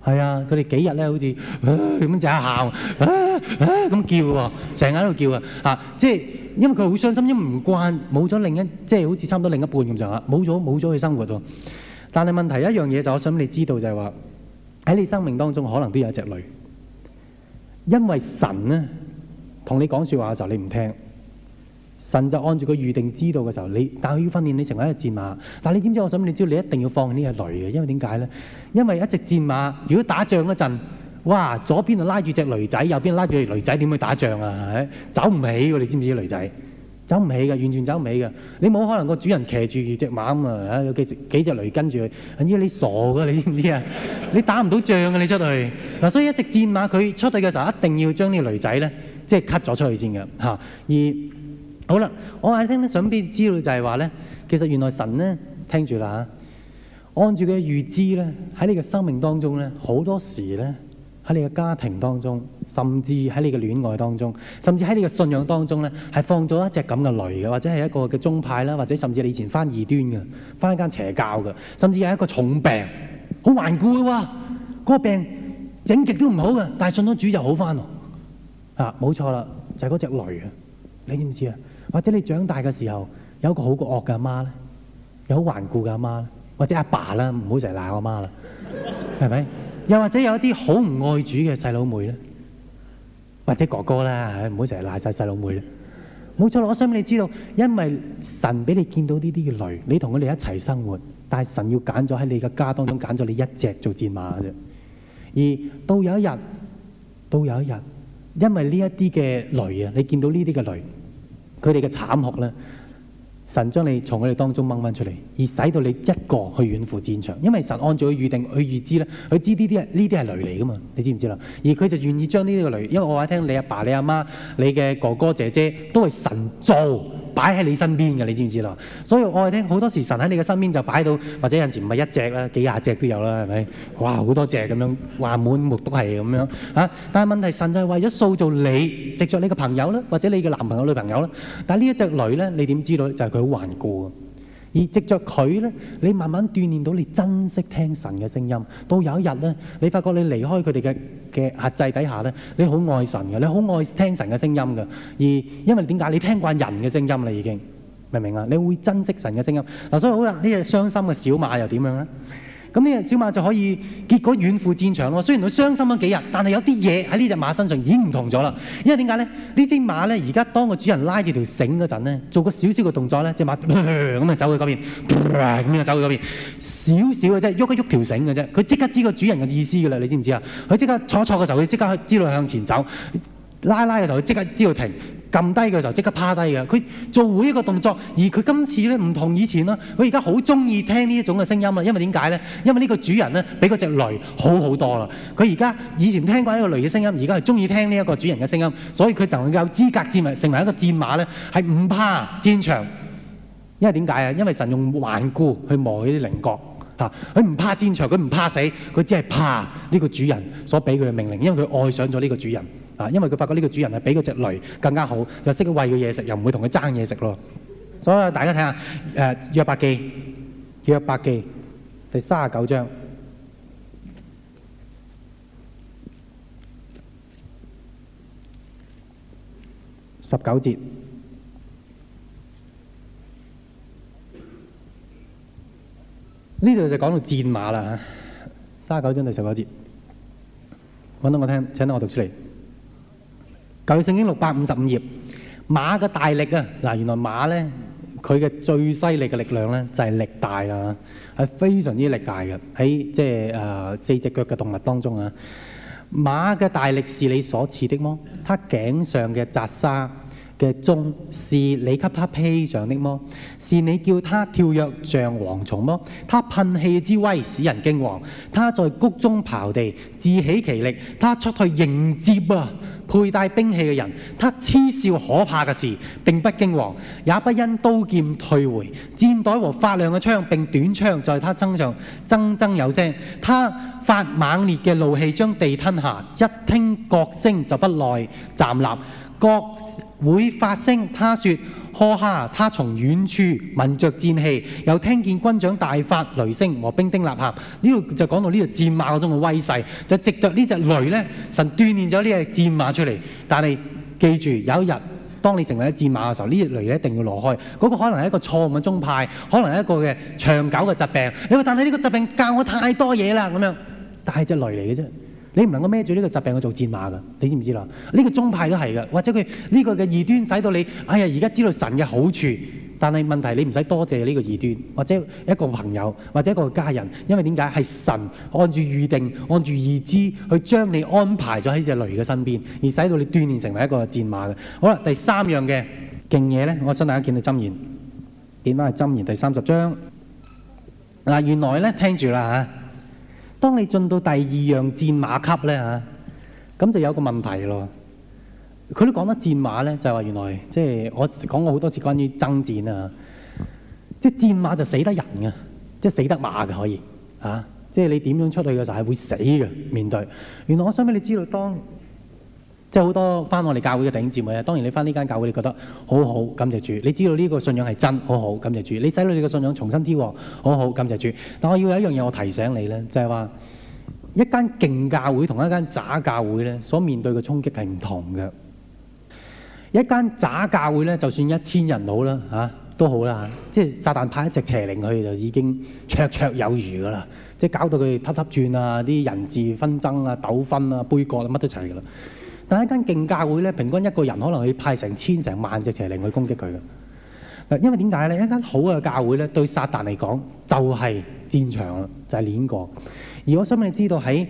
係啊，佢哋幾日咧，好似咁、啊、樣就一喊，咁叫喎，成日喺度叫啊。啊，即係、啊、因為佢好傷心，因為唔慣，冇咗另一，即、就、係、是、好似差唔多另一半咁就啊，冇咗冇咗佢生活。但係問題一樣嘢就，我想你知道就係話，喺你生命當中可能都有一隻驢。因為神呢，同你講說話嘅時候你唔聽，神就按住個預定知道嘅時候你，但係佢要訓練你成為一個戰馬。但係你知唔知道我想你知？你一定要放呢隻驢嘅，因為點解咧？因為一隻戰馬如果打仗嗰陣，哇，左邊就拉住隻驢仔，右邊拉住隻驢仔，點去打仗啊？走唔起，你知唔知啲驢仔？走唔起嘅，完全走唔起嘅，你冇可能個主人騎住一隻馬咁、啊、有幾隻幾隻雷跟住佢、啊。你傻㗎你知唔知啊？ 你打唔到仗嘅你出去、啊、所以一直戰馬佢出去嘅時候，一定要將呢個雷仔呢，即係吸咗出去先嘅、啊、而好啦，我喺聽呢想必知道就係話呢，其實原來神呢，聽住啦嚇，按住佢嘅預知呢，喺你嘅生命當中呢，好多時呢。喺你嘅家庭當中，甚至喺你嘅戀愛當中，甚至喺你嘅信仰當中咧，係放咗一隻咁嘅雷嘅，或者係一個嘅宗派啦，或者甚至你以前翻異端嘅，翻一間邪教嘅，甚至係一個重病，好頑固嘅喎，嗰、嗰個病整極都唔好嘅，但係信咗主就好翻喎。啊，冇錯啦，就係嗰隻雷啊！你知唔知啊？或者你長大嘅時候有一個好過惡嘅阿媽咧，有好頑固嘅阿媽咧，或者阿爸啦，唔好成日鬧我媽啦，係 咪？又或者有一啲好唔愛主嘅細佬妹咧，或者哥哥啦，唔好成日鬧曬細佬妹咧。冇錯，我想俾你知道，因為神俾你見到呢啲嘅驢，你同佢哋一齊生活，但係神要揀咗喺你嘅家當中揀咗你一隻做戰馬啫。而到有一日，到有一日，因為呢一啲嘅驢啊，你見到這些女呢啲嘅驢，佢哋嘅慘酷咧。神將你從佢哋當中掹返出嚟，而使到你一個去遠赴戰場，因為神按照佢預定，佢預知咧，佢知呢啲係呢啲雷嚟㗎嘛，你知唔知啦，而佢就願意將呢個雷，因為我話聽你阿爸爸、你阿媽、你嘅哥哥姐姐都係神造。擺喺你身邊嘅，你知唔知咯？所以我係聽好多時，神喺你嘅身邊就擺到，或者有陣時唔係一隻啦，幾廿隻都有啦，係咪？哇，好多隻咁樣，話，滿目都係咁樣啊！但係問題，神就係為咗塑造你，直作你嘅朋友啦，或者你嘅男朋友、女朋友啦。但係呢一隻女咧，你點知道就係佢好頑固？而藉著佢咧，你慢慢鍛鍊到你珍惜聽神嘅聲音。到有一日咧，你發覺你離開佢哋嘅嘅壓制底下呢，你好愛神嘅，你好愛聽神嘅聲音嘅。而因為點解你聽慣人嘅聲音啦，已經明唔明啊？你會珍惜神嘅聲音，啊、所以好啦，呢隻傷心嘅小馬又點樣呢？咁呢隻小馬就可以結果遠赴戰場咯。雖然佢傷心咗幾日，但係有啲嘢喺呢隻馬身上已經唔同咗啦。因為點解呢？呢隻馬呢，而家當個主人拉住條繩嗰陣，做個少少嘅動作咧，隻馬咁、呃、走去嗰邊，咁、呃、啊走去嗰邊，少少嘅啫，喐一喐條繩嘅啫。佢即刻知個主人嘅意思嘅啦，你知唔知啊？佢即刻坐坐嘅時候，佢即刻知道向前走；拉拉嘅時候，佢即刻知道停。撳低嘅時候即刻趴低嘅。佢做會一個動作，而佢今次咧唔同以前啦。佢而家好中意聽呢一種嘅聲音啊，因為點解咧？因為呢個主人咧比嗰隻雷好好多啦。佢而家以前聽過一個雷嘅聲音，而家係中意聽呢一個主人嘅聲音，所以佢就能夠資格成為成為一個戰馬咧，係唔怕戰場。因為點解啊？因為神用頑固去磨佢啲稜角嚇，佢唔怕戰場，佢唔怕死，佢只係怕呢個主人所俾佢嘅命令，因為佢愛上咗呢個主人。啊，因為佢發覺呢個主人係比嗰隻驢更加好，又識得餵佢嘢食，又唔會同佢爭嘢食咯。所以大家睇下，誒約伯記約伯記第三十九章十九節，呢度就講到戰馬啦嚇。三十九章第十九節，揾到我聽，請到我讀出嚟。舊聖經六百五十五頁，馬嘅大力啊！嗱，原來馬咧，佢嘅最犀利嘅力量咧，就係力大啊，係非常之力大嘅喺即係誒四隻腳嘅動物當中啊。馬嘅大力是你所賜的麼？它頸上嘅紮沙嘅鬃是你給它披上的麼？是你叫它跳躍像蝗蟲麼？它噴氣之威使人驚惶，它在谷中刨地自喜其力，它出去迎接啊！佩戴兵器嘅人，他痴笑可怕嘅事，並不驚惶，也不因刀劍退回，箭袋和發亮嘅槍並短槍在他身上錚錚有聲，他發猛烈嘅怒氣將地吞下，一聽角聲就不耐站立。角會發聲，他說。呵哈！他從遠處聞着戰氣，又聽見軍長大發雷聲和兵丁吶喊。呢度就講到呢個戰馬嗰種嘅威勢，就藉着呢隻雷呢，神鍛煉咗呢隻戰馬出嚟。但係記住，有一日當你成為咗戰馬嘅時候，這隻呢隻雷一定要挪開。嗰、那個可能係一個錯誤嘅宗派，可能係一個嘅長久嘅疾病。你話，但係呢個疾病教我太多嘢喇，咁樣，但係隻雷嚟嘅啫。你唔能夠孭住呢個疾病去做戰馬噶，你知唔知啦？呢個宗派都係噶，或者佢呢個嘅異端使到你，哎呀！而家知道神嘅好處，但係問題你唔使多謝呢個異端，或者一個朋友，或者一個家人，因為點解？係神按住預定，按住意旨去將你安排咗喺只雷嘅身邊，而使到你鍛鍊成為一個戰馬嘅。好啦，第三樣嘅勁嘢呢，我想大家見到箴言，點解去箴言第三十章嗱，原來呢，聽住啦嚇。當你進到第二樣戰馬級咧嚇，咁就有個問題咯。佢都講得戰馬咧，就係話原來即係我講過好多次關於爭戰啊。即係戰馬就死得人啊，即係死得馬嘅可以嚇。即係你點樣出去嘅時候係會死嘅面對。原來我想俾你知道當。即係好多翻我哋教會嘅頂尖姊妹啊！當然你翻呢間教會，你覺得好好，感謝主。你知道呢個信仰係真，好好感謝主。你仔女你個信仰重新挑戰，好好感謝主。但我要有一樣嘢，我提醒你咧，就係、係、話一間勁教會同一間渣教會咧，所面對嘅衝擊係唔同嘅。一間渣教會咧，就算一千人好啦、吓、都好啦，即係撒旦派一隻邪靈去就已經綽綽有餘噶啦，即係搞到佢哋氹氹轉啊，啲人事紛爭啊、糾紛啊、杯葛啊，乜都齊㗎啦。但係一間勁教會咧，平均一個人可能要派成千成萬隻邪靈去攻擊佢嘅。因為點解咧？一間好嘅教會咧，對撒旦嚟講就係戰場啦，就係連國。而我想俾你知道喺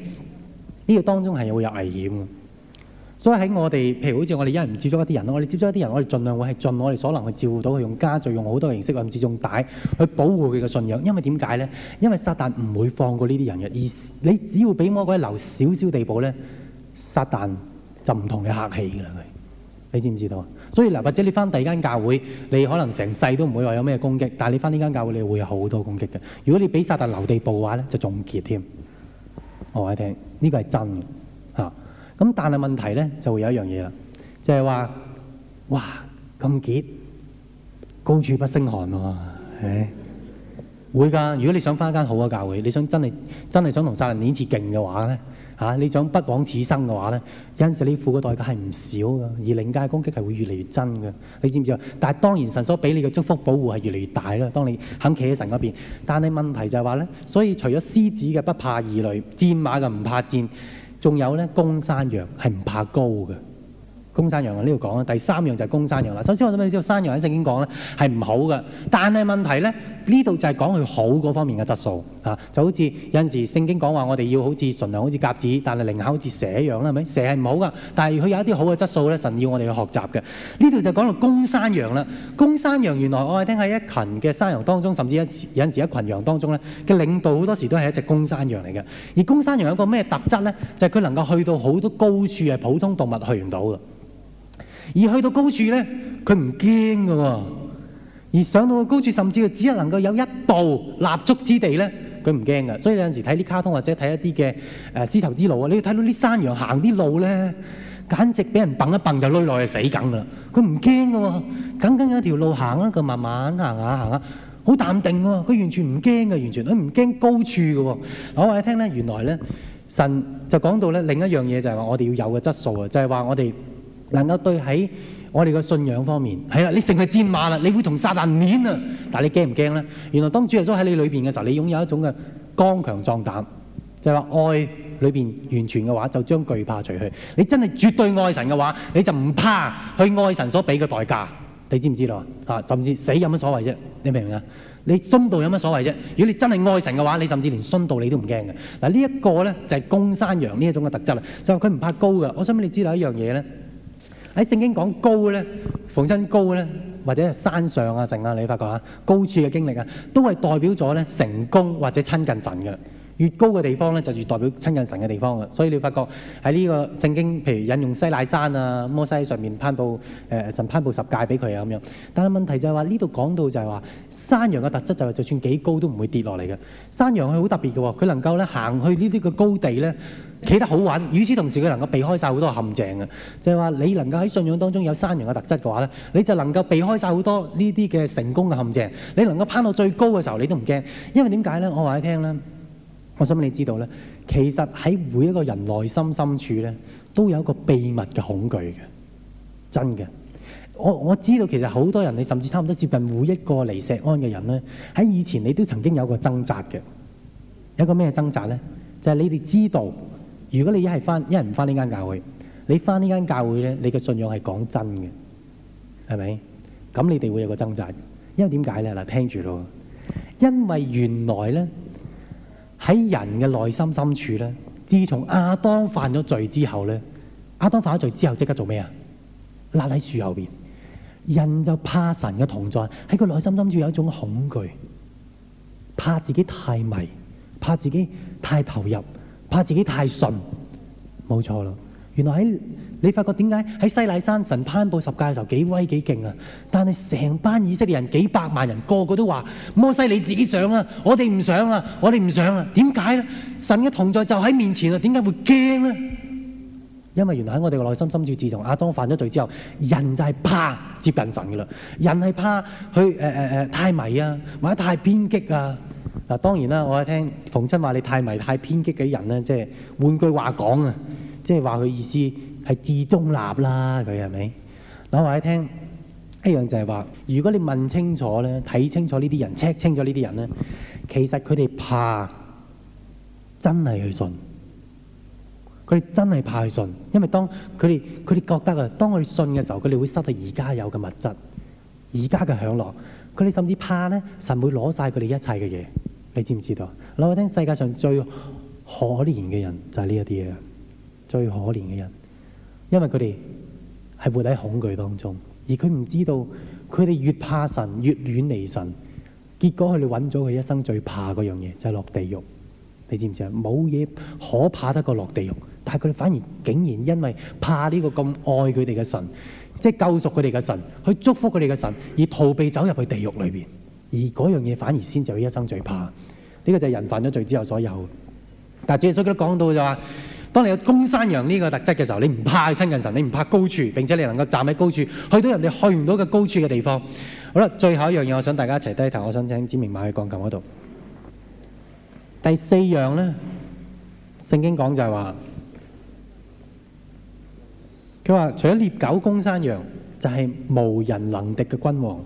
呢個當中係會有危險嘅。所以喺我哋，譬如好似我哋因為唔接觸一啲人，我哋接觸一啲人，我哋盡量會係盡我哋所能去照顧到，佢，用家聚，用好多形式，甚至用帶去保護佢嘅信仰。因為點解咧？因為撒旦唔會放過呢啲人嘅。而你只要俾魔鬼留少少地步咧，撒旦。就唔同你客氣噶啦，佢你知唔知道啊？所以嗱，或者你翻第二間教會，你可能成世都唔會話有咩攻擊，但係你翻呢間教會，你會有好多攻擊嘅。如果你俾撒但留地步嘅話咧，就仲結添。我話你聽，呢個係真嘅嚇。咁但係問題咧，就會有一樣嘢啦，就係話哇咁結，高處不勝寒喎，係會㗎。如果你想翻一間好嘅教會，你想真係真係想同撒但呢次勁嘅話咧？啊、你想不枉此生嘅話呢，因此你付嘅代價係唔少的，而靈界的攻擊係會越嚟越真的，你知唔知道？但係當然神所俾你嘅祝福保護係越嚟越大啦。當你肯企喺神嗰邊，但係問題就係話呢。所以除咗獅子嘅不怕異類，戰馬嘅唔怕戰，仲有呢，公山羊係唔怕高嘅。公山羊呢度講啦。第三樣就係公山羊啦。首先我想問你，知道山羊喺聖經講咧係唔好嘅？但係問題咧，呢度就係講佢好嗰方面嘅質素啊。就好似有陣時聖經講話，我哋要好似純良好似鴿子，但係靈巧好似蛇一樣啦，係咪？蛇係唔好噶，但係佢有一啲好嘅質素咧，神要我哋去學習嘅。呢度就講到公山羊啦。公山羊原來我哋聽喺一群嘅山羊當中，甚至有陣時一群羊當中咧嘅領導好多時都係一隻公山羊嚟嘅。而公山羊有一個咩特質咧？就係、是、佢能夠去到好多高處，係普通動物去唔到嘅。而去到高處咧，佢唔驚嘅喎；而上到個高處，甚至佢只係能夠有一步立足之地咧，佢唔驚嘅。所以有陣時睇啲卡通或者睇一啲嘅誒絲綢之路啊，你要睇到啲山羊行啲路咧，簡直俾人蹦一蹦就攞落去死梗啦！佢唔驚嘅喎，緊緊有一條路行啊，佢慢慢行下行下，好淡定嘅喎，佢完全唔驚嘅，完全佢唔驚高處嘅喎、啊。我話你聽咧，原來咧神就講到咧另一樣嘢就係話我哋要有嘅質素啊，就係、是、話我哋。能夠對喺我哋個信仰方面係啦，你成為戰馬啦，你會同撒旦戰啊！但係你驚唔驚咧？原來當主耶穌喺你裏邊嘅時候，你擁有一種嘅剛強壯膽，就係話愛裏邊完全嘅話，就將懼怕除去。你真係絕對愛神嘅話，你就唔怕去愛神所俾嘅代價。你知唔知道啊？甚至死有乜所謂啫？你明唔明啊？你殉道有乜所謂啫？如果你真係愛神嘅話，你甚至連殉道你都唔驚嘅嗱。呢一個咧就係公山羊呢一種嘅特質啦，就係佢唔怕高嘅。我想俾你知道一樣嘢咧？喺聖經講高咧，逢親高咧，或者係山上啊，城啊，你發覺啊，高處嘅經歷啊，都係代表咗咧成功或者親近神嘅。越高嘅地方咧，就越代表親近神嘅地方啊。所以你發覺喺呢個聖經，譬如引用西奈山啊，摩西喺上面頒布誒神頒布十戒俾佢啊咁樣。但係問題就係話呢度講到就係話山羊嘅特質就係就算幾高都唔會跌落嚟嘅。山羊佢好特別嘅喎，佢能夠咧行去呢啲嘅高地咧。企得好穩，與此同時佢能夠避開晒好多陷阱嘅，就係話你能夠喺信仰當中有山羊嘅特質嘅話咧，你就能夠避開晒好多呢啲嘅成功嘅陷阱。你能夠攀到最高嘅時候，你都唔驚，因為點解咧？我話你聽咧，我想畀你知道咧，其實喺每一個人內心深處咧，都有一個秘密嘅恐懼嘅，真嘅。我我知道其實好多人，你甚至差唔多接近每一個嚟石安嘅人咧，喺以前你都曾經有一個掙扎嘅，有一個咩掙扎咧？就係你哋知道。如果你一係返一係唔返呢間教會，你返呢間教會咧，你嘅信仰係講真嘅，係咪？咁你哋會有個掙扎，因為點解咧？嗱，聽住咯，因為原來咧喺人嘅內心深處咧，自從亞當犯咗罪之後咧，亞當犯咗罪之後即刻做咩啊？躂喺樹後邊，人就怕神嘅同在，喺佢內心深處有一種恐懼，怕自己太迷，怕自己太投入。怕自己太純，冇錯啦。原來喺你發覺點解喺西奈山神頒布十戒嘅時候幾威幾勁啊？但係成班以色列人幾百萬人個個都話：摩西你自己上啊，我哋唔上啊，我哋唔上啊。點解咧？神嘅同在就喺面前啊，點解會驚咧？因為原來喺我哋嘅內心深處，自從亞當犯咗罪之後，人就係怕接近神嘅啦。人係怕佢誒誒誒太迷啊，或者太偏激啊。嗱當然啦，我一聽逢親話你太迷太偏激嘅人咧，即係換句話講啊，即係話佢意思係至中立啦，佢係咪？嗱話一聽一樣就係話，如果你問清楚咧，睇清楚呢啲人，check 清楚呢啲人咧，其實佢哋怕真係去信，佢哋真係怕去信，因為當佢哋佢哋覺得啊，當佢哋信嘅時候，佢哋會失去而家有嘅物質，而家嘅享樂，佢哋甚至怕咧神會攞晒佢哋一切嘅嘢。你知唔知道？我聽世界上最可憐嘅人就係呢一啲嘢。最可憐嘅人，因為佢哋係活喺恐懼當中，而佢唔知道，佢哋越怕神越遠離神，結果佢哋揾咗佢一生最怕嗰樣嘢，就係落地獄。你知唔知啊？冇嘢可怕得過落地獄，但係佢哋反而竟然因為怕呢個咁愛佢哋嘅神，即係救贖佢哋嘅神，去祝福佢哋嘅神，而逃避走入去地獄裏邊，而嗰樣嘢反而先就一生最怕。呢、這個就係人犯咗罪之後所有，但係主耶穌都講到就話，當你有公山羊呢個特質嘅時候，你唔怕親近神，你唔怕高處，並且你能夠站喺高處，去到人哋去唔到嘅高處嘅地方。好啦，最後一樣嘢，我想大家一齊低頭。我想請子明馬去鋼琴嗰度。第四樣咧，聖經講就係話，佢話除咗獵狗、公山羊，就係、是、無人能敵嘅君王。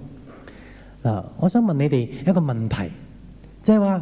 啊，我想問你哋一個問題，即係話。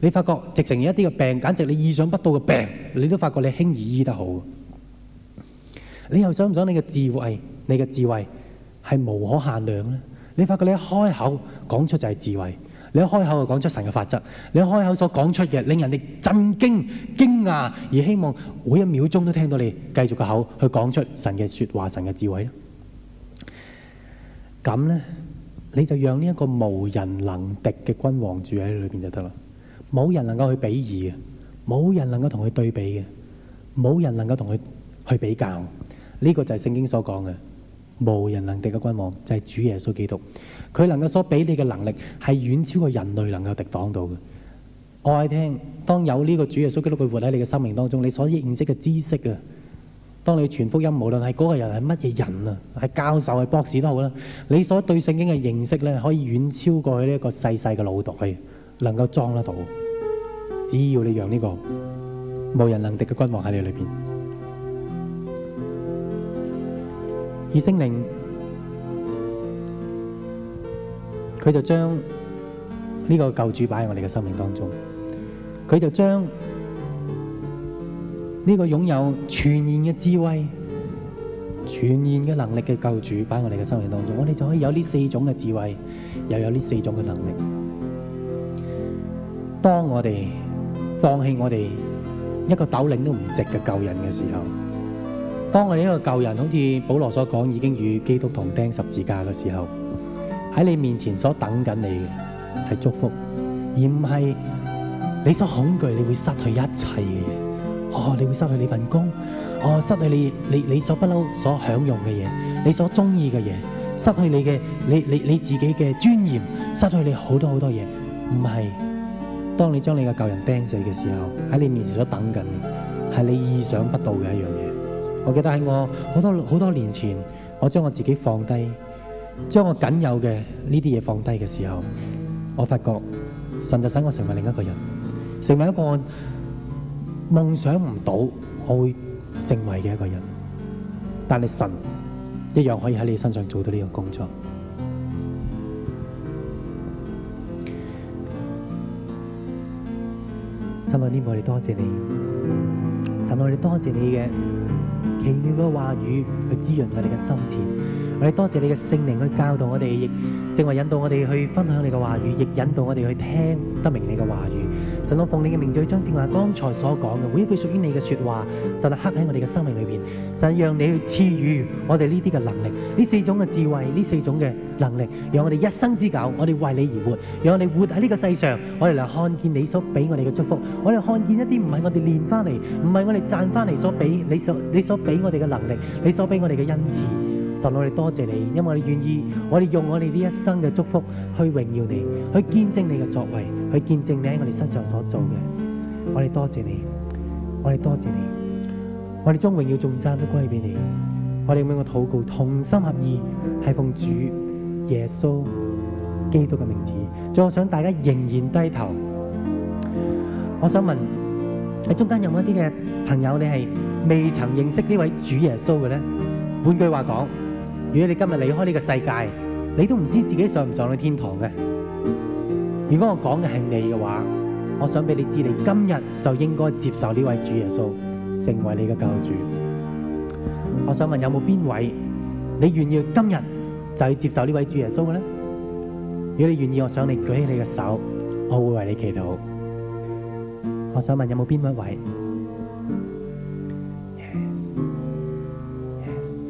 你發覺直成一啲嘅病，簡直你意想不到嘅病，你都發覺你輕易醫得好。你又想唔想你嘅智慧？你嘅智慧係無可限量呢。你發覺你一開口講出就係智慧，你一開口就講出神嘅法則，你一開口所講出嘅，令人哋震驚、驚訝而希望每一秒鐘都聽到你繼續嘅口去講出神嘅說話、神嘅智慧咧。咁咧，你就讓呢一個無人能敵嘅君王住喺裏邊就得啦。冇人能夠去比擬嘅，冇人能夠同佢對比嘅，冇人能夠同佢去比較。呢個就係聖經所講嘅，無人能敵嘅君王就係主耶穌基督。佢能夠所俾你嘅能力係遠超過人類能夠抵擋到嘅。我話你聽，當有呢個主耶穌基督佢活喺你嘅生命當中，你所認識嘅知識啊，當你傳福音，無論係嗰個人係乜嘢人啊，係教授、係博士都好啦，你所對聖經嘅認識咧，可以遠超過佢呢一個細細嘅腦袋。能夠裝得到，只要你讓呢個無人能敵嘅君王喺你裏邊。而聖靈，佢就將呢個救主擺喺我哋嘅生命當中，佢就將呢個擁有全然嘅智慧、全然嘅能力嘅救主擺喺我哋嘅生命當中，我哋就可以有呢四種嘅智慧，又有呢四種嘅能力。當我哋放棄我哋一個斗零都唔值嘅救人嘅時候，當我哋呢一個救人好似保羅所講已經與基督同釘十字架嘅時候，喺你面前所等緊你嘅係祝福，而唔係你所恐懼你會失去一切嘅嘢。哦，你會失去你份工，哦，失去你你你所不嬲所享用嘅嘢，你所中意嘅嘢，失去你嘅你你你自己嘅尊嚴，失去你好多好多嘢，唔係。當你將你嘅舊人釘死嘅時候，喺你面前都等緊，係你意想不到嘅一樣嘢。我記得喺我好多好多年前，我將我自己放低，將我僅有嘅呢啲嘢放低嘅時候，我發覺神就使我成為另一個人，成為一個夢想唔到我會成為嘅一個人。但係神一樣可以喺你身上做到呢樣工作。我哋多謝你，神啊！我哋多謝你嘅奇妙嘅話語去滋潤我哋嘅心田。我哋多謝你嘅聖靈去教導我哋，亦正話引導我哋去分享你嘅話語，亦引導我哋去聽得明你嘅話語。神啊，我奉你嘅名，就去將正話剛才所講嘅，每一句屬於你嘅說話，實在刻喺我哋嘅生命裏邊，神讓你去賜予我哋呢啲嘅能力，呢四種嘅智慧，呢四種嘅能力，讓我哋一生之久，我哋為你而活，讓我哋活喺呢個世上，我哋嚟看見你所俾我哋嘅祝福，我哋看見一啲唔係我哋練翻嚟，唔係我哋賺翻嚟所俾你所你所俾我哋嘅能力，你所俾我哋嘅恩賜。神，我哋多謝你，因為我哋願意，我哋用我哋呢一生嘅祝福去榮耀你，去見證你嘅作為，去見證你喺我哋身上所做嘅。我哋多謝你，我哋多謝你，我哋將榮耀頌讚都歸俾你。我哋咁樣嘅禱告，同心合意，係奉主耶穌基督嘅名字。再我想大家仍然低頭，我想問喺中間有冇一啲嘅朋友，你係未曾認識呢位主耶穌嘅咧？換句話講。如果你今日離開呢個世界，你都唔知自己上唔上到天堂嘅。如果我講嘅係你嘅話，我想俾你知，你今日就應該接受呢位主耶穌成為你嘅教主。我想問有冇邊位你願意今日就去接受呢位主耶穌嘅呢？如果你願意，我想你舉起你嘅手，我會為你祈禱。我想問有冇邊位？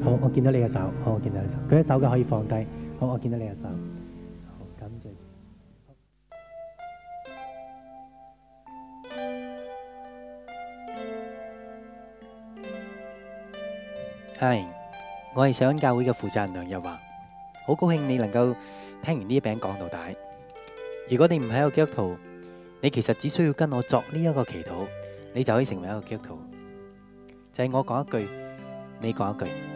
我我見到你嘅手，我見到你手。佢隻手嘅可以放低。我我見到你嘅手。感謝。係，我係上教會嘅負責人梁日華。好高興你能夠聽完呢一餅講到底。如果你唔係一個基督徒，你其實只需要跟我作呢一個祈禱，你就可以成為一個基督徒。就係我講一句，你講一句。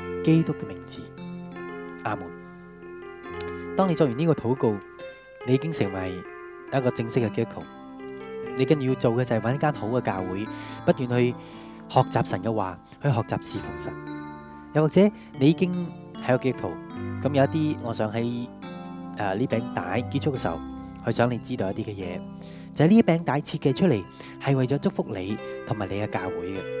基督嘅名字，阿門。當你做完呢個禱告，你已經成為一個正式嘅基督徒。你跟住要做嘅就係揾一間好嘅教會，不斷去學習神嘅話，去學習侍奉神。又或者你已經係個基督徒，咁有一啲，我想喺誒呢餅帶結束嘅時候，去想你知道一啲嘅嘢，就係呢餅帶設計出嚟係為咗祝福你同埋你嘅教會嘅。